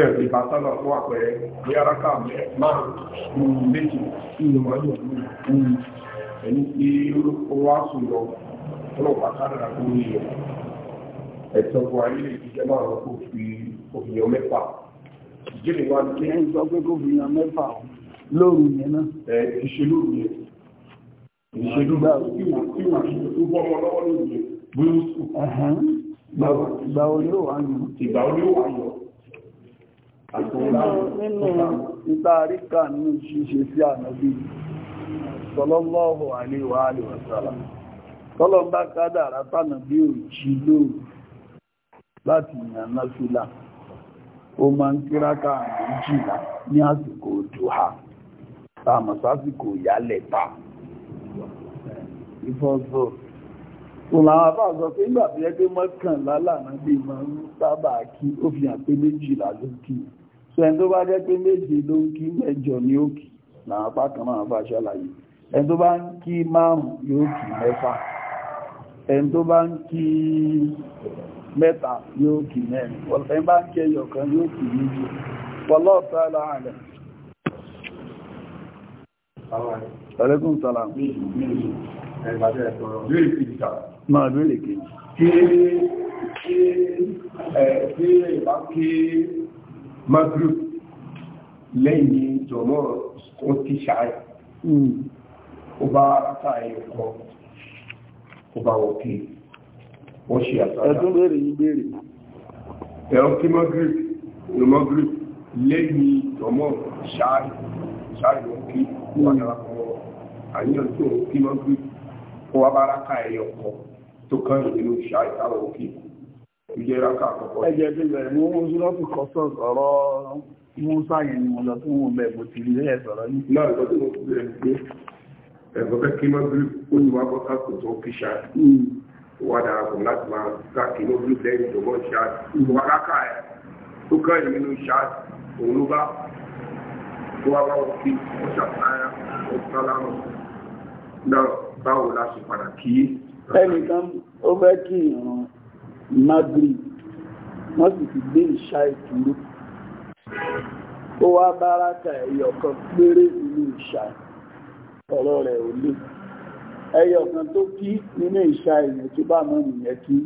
Speaker 1: ẹ̀rọ ìbátálà fún àpẹẹrẹ ní aráká márùn-ún méjì nínú ayọ̀ ní ẹni tí ó wá sùn lọ ọlọ́pàá kádàrà tó ní ẹ̀ ẹ̀tọ́ bu ayé ìjẹ́ márùn-ún kò fi òfìyàn mẹ́fà ìjẹ́lẹ̀ wá ní kí ẹ̀ sọ pé kò fi òfìyàn mẹ́fà lóru yẹn náà ẹ̀ ìṣèlú yẹn ìṣèlú bá tí wà tó ìtàríkà ní ṣíṣe sí ànábí sọlọ́lọ́hù láti ìyànná fílà ó máa ń kíráka méjìlá ní àsìkò òdòhà tààmà sásìkò ìyálẹ̀ta Ụlọ òun àbá sọ pé ẹgbẹ́ mọ́kànlá bí máa ń kí ó fi hàn pé méjìlá so ẹni tó bá jẹ́ pé méje ló ń kí mẹ́jọ ní òkì náà apá kan náà bá ṣàlàyé ẹni tó bá ń kí márùn yóò kí mẹ́fà tó bá ń kí mẹ́ta yóò kí mẹ́rin ẹni bá ń kí ẹyọ kan yóò kí méjì kí magrib lẹ́yìn jọmọ́ ó ti ṣáà hmm. ó bá rákà ẹ̀kọ́ ó bá wọ́kí wọ́n ṣe àtàrà ẹ̀tún bèèrè yìí bèèrè ẹ̀rọ kí magrib ní magrib lẹ́yìn jọmọ́ ṣáà wọ́kí wọ́n hmm. àníyàn tó kí magrib ó wá bá rákà ẹ̀kọ́ tó kán ìlú ìjẹ́ráka àkọ́kọ́. ẹjẹ́ tí bẹ̀rẹ̀ mú mú súrọ́pù kọ́sọ̀s ọ̀rọ̀ Músà yẹn ni mo lọ tó wọ́n bẹ̀ bó ti rí lẹ́yẹ̀ sọ̀rọ̀ ní. náà ẹ̀kọ́ tí mo fi bẹ̀rẹ̀ pé ẹ̀kọ́ fẹ́ kí mọ́bílì ó ní wàá bọ́ta kò tó kí ṣá hmm. wà dára kò láti máa ká kí mọ́bílì lẹ́yìn tó mọ́ ṣá hmm. wà ráka ẹ̀ tó ká ẹ̀ nínú ṣá òun ló wá báwọn kí wọ́n ṣàtàyà ọ̀sán lánàá náà báwo la padà kí. ẹnìkan ó fẹ́ kí ìrún Maghrib wọ́n sì ti gbé ìṣá ìtúrú ó wá báraka ẹ̀yọ̀ kan péré nínú ìṣá ọ̀rọ̀ rẹ̀ ò lè ẹ̀yọ̀ kan tó kí nínú ìṣá ìyẹn tó bá mọ́ nìyẹn kí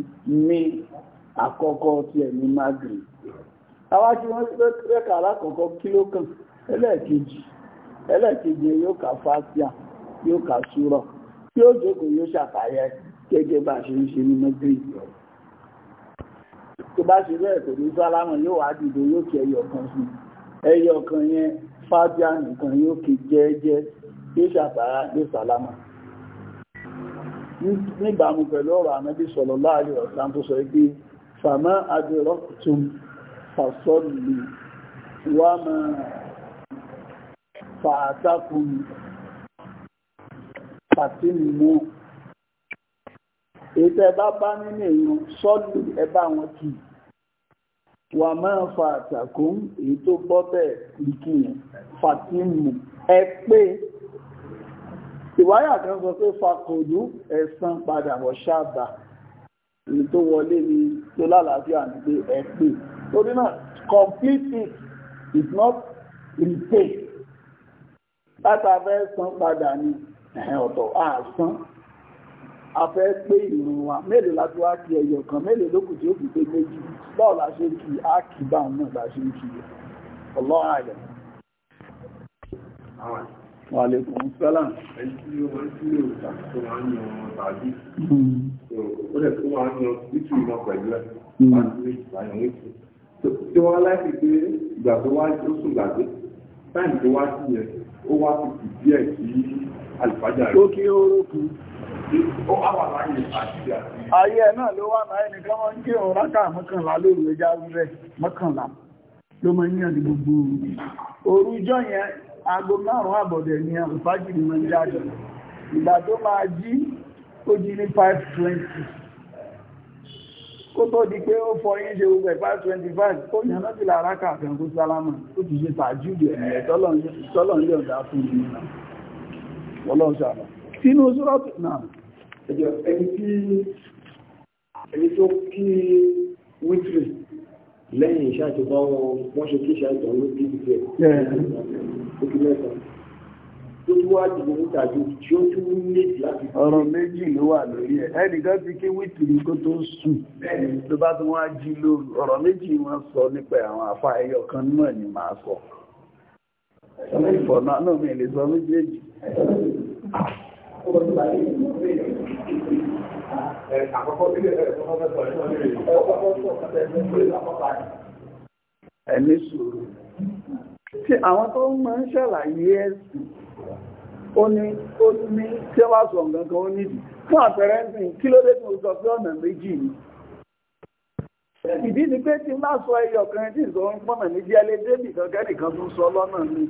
Speaker 1: ní àkọ́kọ́ tí ẹ̀ ní Maghrib àwọn tí wọ́n rẹ́ka alákọ̀ọ́kọ́ kí ló kàn ẹlẹ́ẹ̀kejì ẹlẹ́ẹ̀kejì yóò kà fásíà yóò kà súrọ̀ tí ó jókòó yóò ṣàtàyẹ gẹ́gẹ́ bá ṣe ń ṣe ní Maghrib tó bá ṣe bẹ́ẹ̀ kò ní sálámù yóò wá dìde yóò kí ẹyọ kan sí ẹyọ kan yẹn fájà nìkan yóò kí jẹ́ẹ́jẹ́ yóò ṣàtàrà yóò sálámù níbàámu pẹ̀lú ọ̀rọ̀ ànábì sọ̀rọ̀ láàrin ọ̀sán tó sọ pé fàmọ́ adìrọ́tún fàṣọ́lì wà máa fàátákùn fàtímù èyí tẹ́ bá bá nínú ìrun sọ́ọ̀lù ẹ bá wọn kì í wà máa fa àtàkùn èyí tó bọ́ bẹ́ẹ̀ kìkì yẹn fatimu ẹ pé ìwáyà kan sọ pé fakòdú ẹ̀sán padà wọ̀ ṣáàbà èyí tó wọlé ní tó lálàáfíà ní pé ẹ pé torí náà complete it is not repay látàfẹ́ padà ní ọ̀tọ̀ àásán a fẹ́ pé ìrùn wa mélòó láti wá kí ẹyọ kan mélòó lókù tí ó kù pé méjì báwo la ṣe ń kí á kì bá òun náà la ṣe ń kí ọlọ́run àlẹ́. Wà sẹ́lá. Ẹni tó wá sí yẹn, ó wá fi kù díẹ̀ sí àlùfájà rẹ̀. Ó kí ó rókun. Ayé ẹ̀ náà ló wà náà ẹnìkan wọ́n ń kí òun rákà mọ́kànlá lórí ẹjá rẹ̀ mọ́kànlá ló mọ́ ní ọdí gbogbo òru jọ yẹn aago márùn-ún àbọ̀dẹ̀ ni àlùfájìrì mọ́ jáde. Ìgbà tó máa jí ó jí ní 520. fọ yín ṣe gbogbo 525 yàn sálámà ó ti ṣe tọ́lọ̀ ń ọ̀dá fún ẹjọ́ ẹni tí ẹni tó kí wítìrì lẹ́yìn iṣẹ́ àtúbọ̀ wọ́n ṣe kí iṣẹ́ àtúbọ̀ ló bí ìfẹ́ òkè mẹ́ta tó tún wá dìbò níta ju tí ó tún méjì láti. ọ̀rọ̀ méjì ló wà lórí ẹ̀ ẹnìkan ti kí wítìrì kó tó sùn tó bá tún wá jí lóru ọ̀rọ̀ méjì wọ́n sọ nípa àwọn àfa ẹyọ kan náà ni màá sọ. ọ̀rọ̀ ìfọ̀nà náà mi lè sọ méjèèjì. Ẹni sùúrù. Tí àwọn tó máa ń ṣàlàyé ẹ̀sìn, ó ní, ó ní, tí wá sọ ǹkankan ó nídìí. Fún àpẹẹrẹ ẹ̀sìn, kí ló dé tí mo sọ pé ọ̀nà méjì ni? Ìdí ni pé tí máa sọ ẹyọ kan tí ìsọ ń pọ̀nà méjì ẹlẹ́dẹ́bì kan kẹ́nìkan tó sọ lọ́nà mi.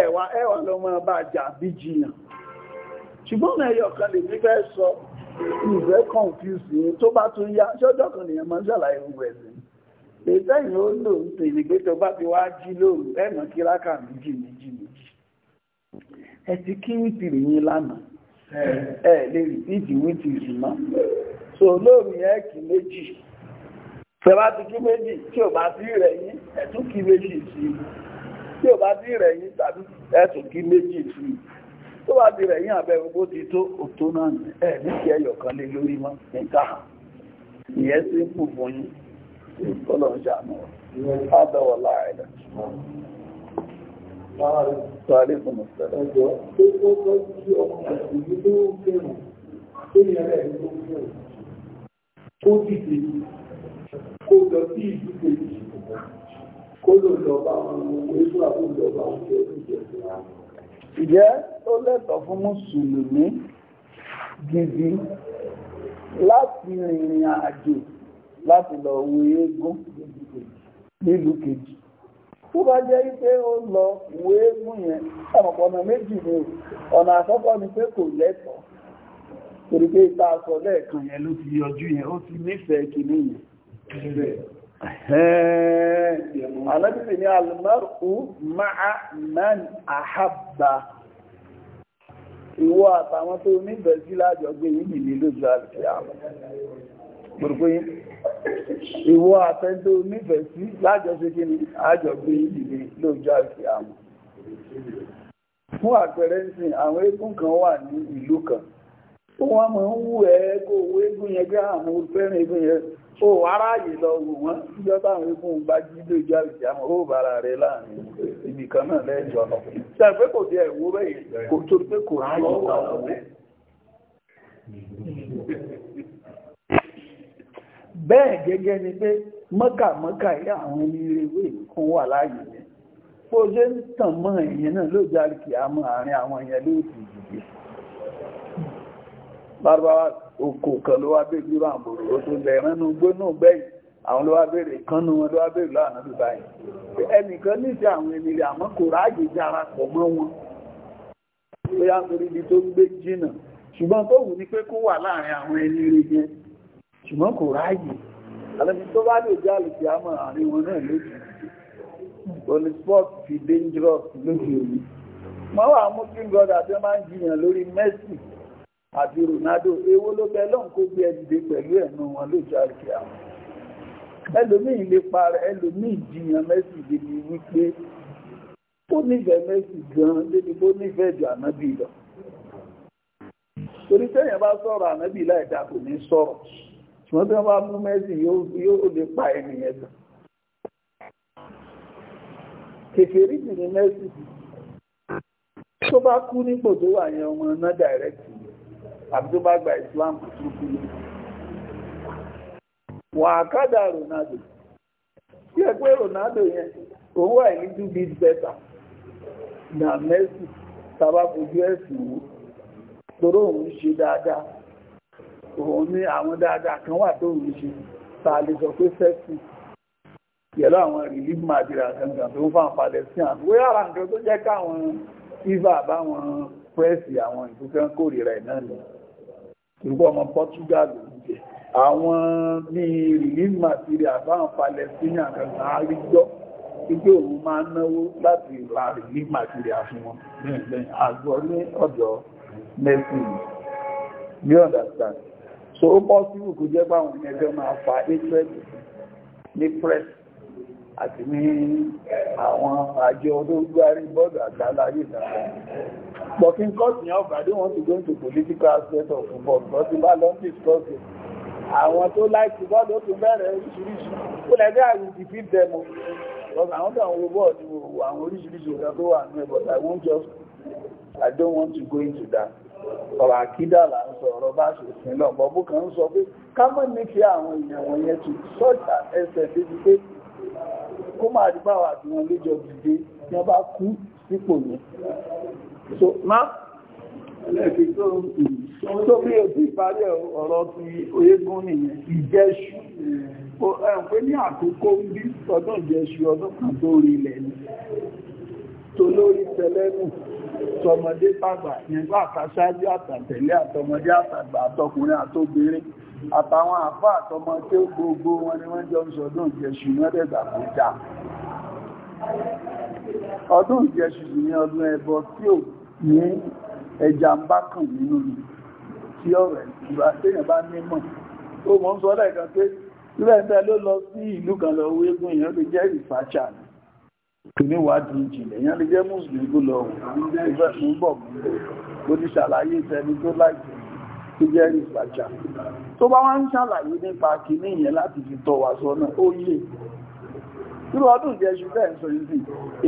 Speaker 1: Ẹ̀wà ẹ̀wà ló máa bá jà bí jiyàn ṣùgbọ́n ọ̀nà ẹyọ kan lè nífẹ́ sọ ìfẹ́ confuse yìí tó bá tún yá ṣọ́jọ́ kan nìyẹn máa ń ṣàlàyé ohun ẹ̀sìn èdè ìyẹn ó lò ń tèlé pé tó bá ti wá jí lóru ẹ̀mọ́ kíráka méjì méjì méjì ẹ ti kí wítìrì yín lánàá ẹ lè rí ìdí wítìrì mọ́ so lóru yẹn kì méjì tẹ́bá ti kí méjì tí ò bá sí rẹ̀ yín ẹ̀tún kí méjì sí i tí ò bá sí rẹ̀ yín tàbí ẹ̀tún kí méjì sí i tó bá ti rẹ̀ yín abẹ́ gbogbo ti tó òtó náà ní ẹ̀ ní kí ẹyọ kan lé lórí mọ́ ní ìyẹn sí ń pù fún yín kọ́lọ̀ ń ṣàánú àbẹ̀wọ̀ láàrẹ̀ Sáré fún mọ̀sẹ̀lẹ̀. Ẹjọ́ tó tó tọ́ sí ọmọ ìlú tó ń kẹrù tó yẹ rẹ̀ tó ń kẹrù. Ó dìde, kó lọ sí ìlú kejì, kó lò lọ bá wọn, èso àbúlọ̀ bá wọn jẹ́ ìjẹ̀kùn àwọn ìjẹ́ ó lẹ́tọ̀ fún mùsùlùmí gidi láti rìnrìn àjò láti lọ wo eégún nílùú kejì tó bá jẹ́ ipé ó lọ wo eégún yẹn ẹmọ̀pọ̀ ọ̀nà méjì ni ọ̀nà àkọ́kọ́ ni pé kò lẹ́tọ̀ọ́ torí pé ìta sọ lẹ́ẹ̀kan yẹn ló ti yọjú yẹn ó ti nífẹ̀ẹ́ kìíní Ànábìsì ni almaru ma'a man ahabba. Ìwọ àtàwọn tó nífẹ̀ẹ́ sí lájọ gbé yìí nìlé lójú àti àwọn. Gbogbo ìwọ àtẹ́ tó nífẹ̀ẹ́ sí lájọ sí kí ni àjọ gbé yìí nìlé lójú àti àwọn. Fún àpẹẹrẹ ń sìn, àwọn eégún kan wà ní ìlú kan. wọ́n máa ń wú ẹ́ eégún yẹn gbé àwọn ah, fẹ́ràn eégún yẹn ó aráyè lọ wò wọ́n ìjọ táwọn egun bá jí lé ìjọ àlìjáàmù ó bára rẹ̀ láàrin ibì kan náà lẹ́jọ́ lọ ṣàpé kò dé ẹ̀wó bẹ́yẹ kò tó pé kò ráyè lọ́wọ́ bẹ́ẹ̀ gẹ́gẹ́ ni pé mọ́kà mọ́kà yí àwọn ẹni ewé kan wà láàyè yẹn bó ṣe ń tàn mọ́ ìyẹn náà ló járí kìí àmọ́ àárín àwọn ìyẹn ló ti dìde oko kan ló wá bèèrè lórí àmòrò ó tó lẹ̀ ránú gbónú gbẹ̀yìn àwọn ló wá bèèrè kánú wọn ló wá bèèrè lọ́wọ́ àná bíbá yìí ẹnìkan níṣẹ́ àwọn ènìyàn àmọ́ kò ráàyè jára pọ̀ mọ́ wọn bóyá torí ibi tó gbé jìnnà ṣùgbọ́n tó wù ní pé kó wà láàrin àwọn ẹni rẹ̀ yẹn ṣùgbọ́n kò ráàyè alẹ́bí tó bá lè já lè fi àmọ́ àárín wọn náà lójú òní sport fi dangerous lójú òní wọ́n wà mú kí n tó máa ń jiyàn lórí Messi àti Ronaldo ewó ló bẹ lọ́n kó gbé ẹdìdé pẹ̀lú ẹ̀nu wọn lójú àríkẹ́ àwọn ẹlòmíì lè parẹ́ ẹlòmíì jiyàn Messi débi wípé ó nífẹ̀ẹ́ Messi gan débi bó nífẹ̀ẹ́ jù ànábì lọ torí tẹ́yìn bá sọ̀rọ̀ ànábì láìda kò ní sọ̀rọ̀ ṣùgbọ́n tí wọ́n bá mú Messi yóò lè pa ènìyàn gan kèfèrí sì ni Messi tó bá kú nípò tó wà yẹn ọmọ náà direct àbí tó bá gba islam tó kú ní wà á kádà ronaldo tí ẹ pé ronaldo yẹn òun wà ní two bit better na messi sábà fojú ẹ̀sìn wò torí òun ṣe dáadáa òun ní àwọn dáadáa kan wà tó òun ṣe ta lè sọ pé sẹ́sì pẹ̀lú àwọn relief material kankan tó ń fà palẹ̀ sí àwọn wé ara nǹkan tó jẹ́ káwọn fífà báwọn pírẹ́sì àwọn ìfúkẹ́ kórìíra ẹ̀ náà nìyẹn ìgbọ́ ọmọ Portugal jẹ́ àwọn ní relief material àbáwọn Palestinian àkàkà àríjọ́ ìgbé òun máa náwó láti ra relief material fún wọn àgbọ̀ ní ọ̀dọ̀ mercy you understand so ó possible kò jẹ́ báwọn ẹgbẹ́ máa fa hatred ní press àti ní àwọn àjọ olóògbárí bọ́ọ̀dù àgbáláyé ìdàgbà But in court, you know, I don't want to go into political aspect of football But if I don't discuss it, àwọn tó láìsí bọ́ọ̀dù ó tún bẹ̀rẹ̀ oríṣiríṣi ó lẹ́gbẹ́ I will defeat them because àwọn tó àwọn bọ́ọ̀dù òwò àwọn oríṣiríṣi ọ̀gá tó wà nínú but I won't just I don't want to go into that ọ̀rọ̀ àkídà là ń sọ ọ̀rọ̀ bá ṣe sí lọ bọ́ bó kàn ń sọ pé ká mọ̀ nífẹ̀ẹ́ àwọn èèyàn wọ̀nyẹn tó sọ́jà ẹsẹ̀ débi pé kó máa rí báwa àti so má tó bí o ti parí ọ̀rọ̀ ti oyegun nìyẹn ìjẹ́ṣù ẹ̀rùn pé ní àkókò ń bí ọdún ìjẹ́ṣù ọdún kan tó rí ilẹ̀ ni tó lórí tẹlẹ́nù tọmọdé tàgbà yẹnbá àtàṣájú àtàtẹ̀lé àtọmọdé àtàgbà àtọkùnrin àtobìnrin àtàwọn àfá àtọmọ tí ó gbogbo wọn ni wọ́n jọ ń sọdún ìjẹṣù mẹ́rẹ̀dà kò já ọdún ìjẹṣù ní ọdún ẹbọ tí ò ní ẹja ń bá kàn nínú rẹ̀ tí ọ̀rẹ́ ìgbà téèyàn bá nímọ̀ ó mọ̀ ń sọ lẹ́ẹ̀kan pé ilẹ̀ ẹ̀fẹ́ ló lọ sí ìlú kan lọ owó eégún èèyàn lè jẹ́ ìfàṣà ní ìníwádìí ìjìnlẹ̀ èèyàn lè jẹ́ mùsùlùmí kó lọ ìfẹ́ fún bọ̀ mú ní ṣàlàyé ìfẹ́ni tó láìpẹ́ tó jẹ́ ìfàṣà tó bá wá ń ṣàlàyé nípa kìíní yẹn láti fi tọ́ wa sọ́nà ó yé irú ọdún ìjẹ́sù bẹ́ẹ̀ sọ yìí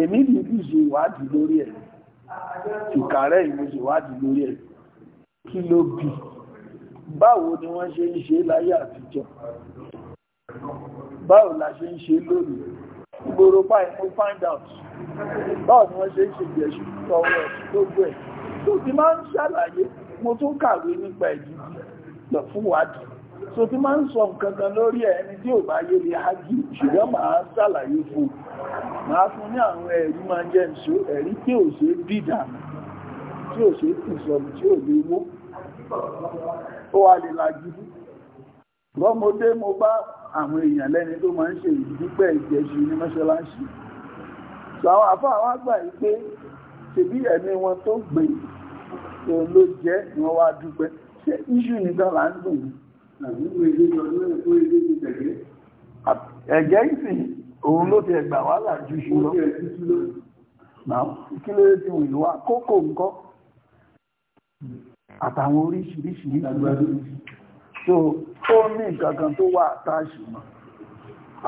Speaker 1: èmi nìbí ṣe ìwádìí lórí ẹ̀ tùkàrẹ́ ìmúṣèwádìí lórí ẹ̀ kí ló bí báwo ni wọ́n ṣe ń ṣe láyé àtijọ́ báwo la ṣe ń ṣe lónìí ìgboro báyìí mo find out báwo ni wọ́n ṣe ń ṣe ìjẹ̀ṣù tọwọ́ gbogbo ẹ̀ tó ti máa ń ṣàlàyé mo tún kàwé nípa ìdíjì lọ fún wádìí so tí máa ń sọ kankan lórí ẹni tí ò bá yé lè hajji ṣùgbọ́n máa ṣàlàyé fún máa fún ní àwọn ẹ̀rí máa jẹ́ ìṣó ẹ̀rí tí ò ṣe dìdàmù tí ò ṣe tì sọ̀rọ̀ tí ò lè wó ó wà lè lajú rọ́mọdé mo bá àwọn èèyàn lẹ́ni tó máa ń ṣe ìdúpẹ́ ìjẹṣu ní mọ́ṣáláṣí sàwọn àfáà wá gbà yí pé ṣèbí ẹ̀mí wọn tó gbé òun ló jẹ́ ni wọ́n wá dúpẹ́ ṣé iṣu nìkan là ń dùn ẹ̀jẹ̀ ìsìn òun ló ti ẹ̀gbà wàhálà ju ṣù lọ kí ló ti wù wá kókò ńkọ́ àtàwọn oríṣiríṣi so ó ní ìkankan tó wà táàṣì mọ́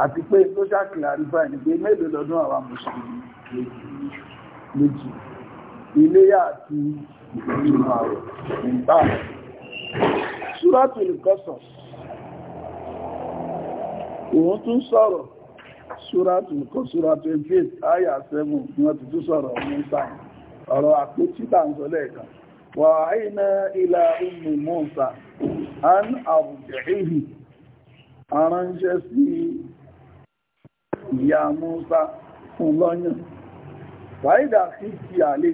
Speaker 1: àti pé tó ṣàkìlárìfà ní pé mélòó lọ́dún àwa mùsùlùmí méjì iléyà Suratul Qasas òun tún sọ̀rọ̀ Suratul Qasas Suratul 28 àyà 7 ni wọ́n ti tún sọ̀rọ̀ Mùsá ọ̀rọ̀ àpótí tà ń sọ lẹ́ẹ̀kan wà áìnà ilá Ummu Musa an àrùjẹ̀hìrì aránṣẹ́ sí ìyá Musa fún lọ́yàn wàídà sí ti àlè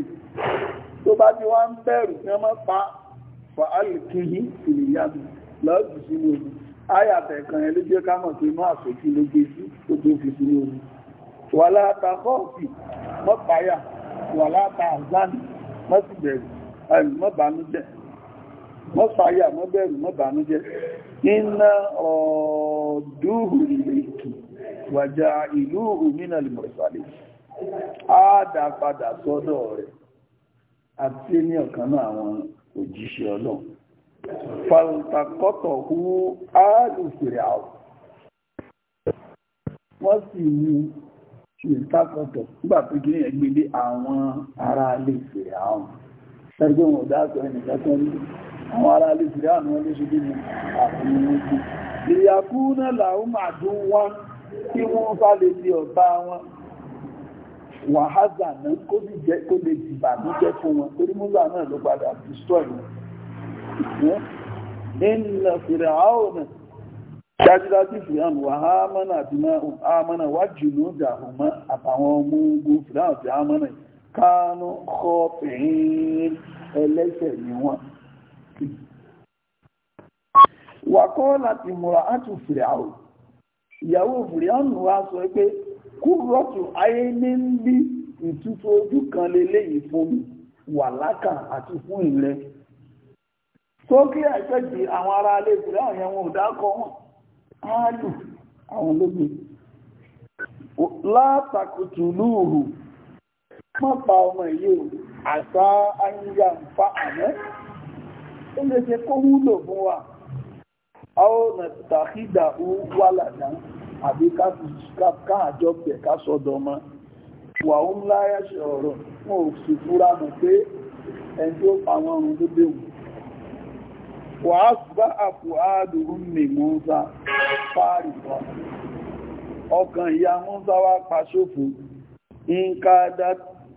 Speaker 1: tó bá ti wá ń bẹ̀rù pa fa alìkíhì fìlìyàdù lọ́ọ̀dù sínú omi ayàtẹ̀ kan ẹ ló jẹ́ ká mọ̀ pé inú àsòkí ló gbé sí tó tó fi sínú omi wà láta kọ́ọ̀fì mọ́páyà wà láta àzánì mọ́sìbẹ̀rù mọ́bànújẹ́ mọ́fàáyà mọ́bẹ̀rù mọ́bànújẹ́ iná ọ̀dúhù ìlèkì wàjá ìlú òmìnà lèmọ̀sàlẹ̀ àádà padà òjíṣẹ́ ọlọ́run fàlùtàkọ́tọ̀ hu áàlù fèrè àwọ̀ wọ́n sì ní ṣèǹtàkọ́tọ̀ nígbà tó kí nìyẹn gbélé àwọn ará ilé fèrè àwọ̀ ẹgbẹ́ wọn ò dáàtọ̀ ẹnìkan tó ní àwọn ará ilé fèrè àwọ̀ wọn ló ṣe ìyàkú náà làwọn màdún wá wọ́n bá lè ọ̀tá wọn wàhálà náà kó lè dìbà ní jẹ́ fún wọn torí múlá náà ló padà destroy wọn nínú fèrè àwọn dájúdájú fìhàn wàhámánà àti àmánà wà jùlọ dàhùnmọ́ àtàwọn ọmọ ogun fìhàn àti àmánà kánú kọ́ pẹ̀yìn ẹlẹ́sẹ̀ ni wọ́n wàkọ́ láti múra átù fìhàn ìyàwó fìhàn wá sọ pé kúrọ̀tù ayé ní ń bí ojú kan leléyìí fún wà lákà àti fún ilẹ̀ sókè àìsẹ́jì àwọn ará alẹ́ ìpìlẹ̀ àwọn ẹ̀wọ̀n òdákọ̀ wọn áàlù àwọn olóbi látàkùtù mọ́pa ọmọ ìyẹ́ àṣà ayíyá ń fa àmẹ́ ó lè ṣe kó fún wa tàkídà ó àbí káàjọ pẹ̀ ká sọ́dọ̀ ọmọ wà ó ń láyá ṣe ọ̀rọ̀ fún òsì fúra mọ̀ pé ẹni tó pàwọn ọrùn tó déwù wà á bá àpò àádùrú nì mọ́sá fáàrì wà ọkàn ìyá mọ́sá wá pa ṣòfò ń ká dá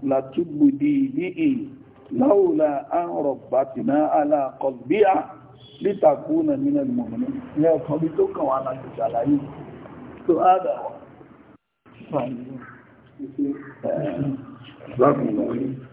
Speaker 1: látúgbòdì ní ì láwùlà àrùn bàtìná aláàkọ̀gbíà lítàkùnà nínú ìmọ̀mọ́ni ní ọkàn bí tó kàn wá láti ṣàlàyé to other you.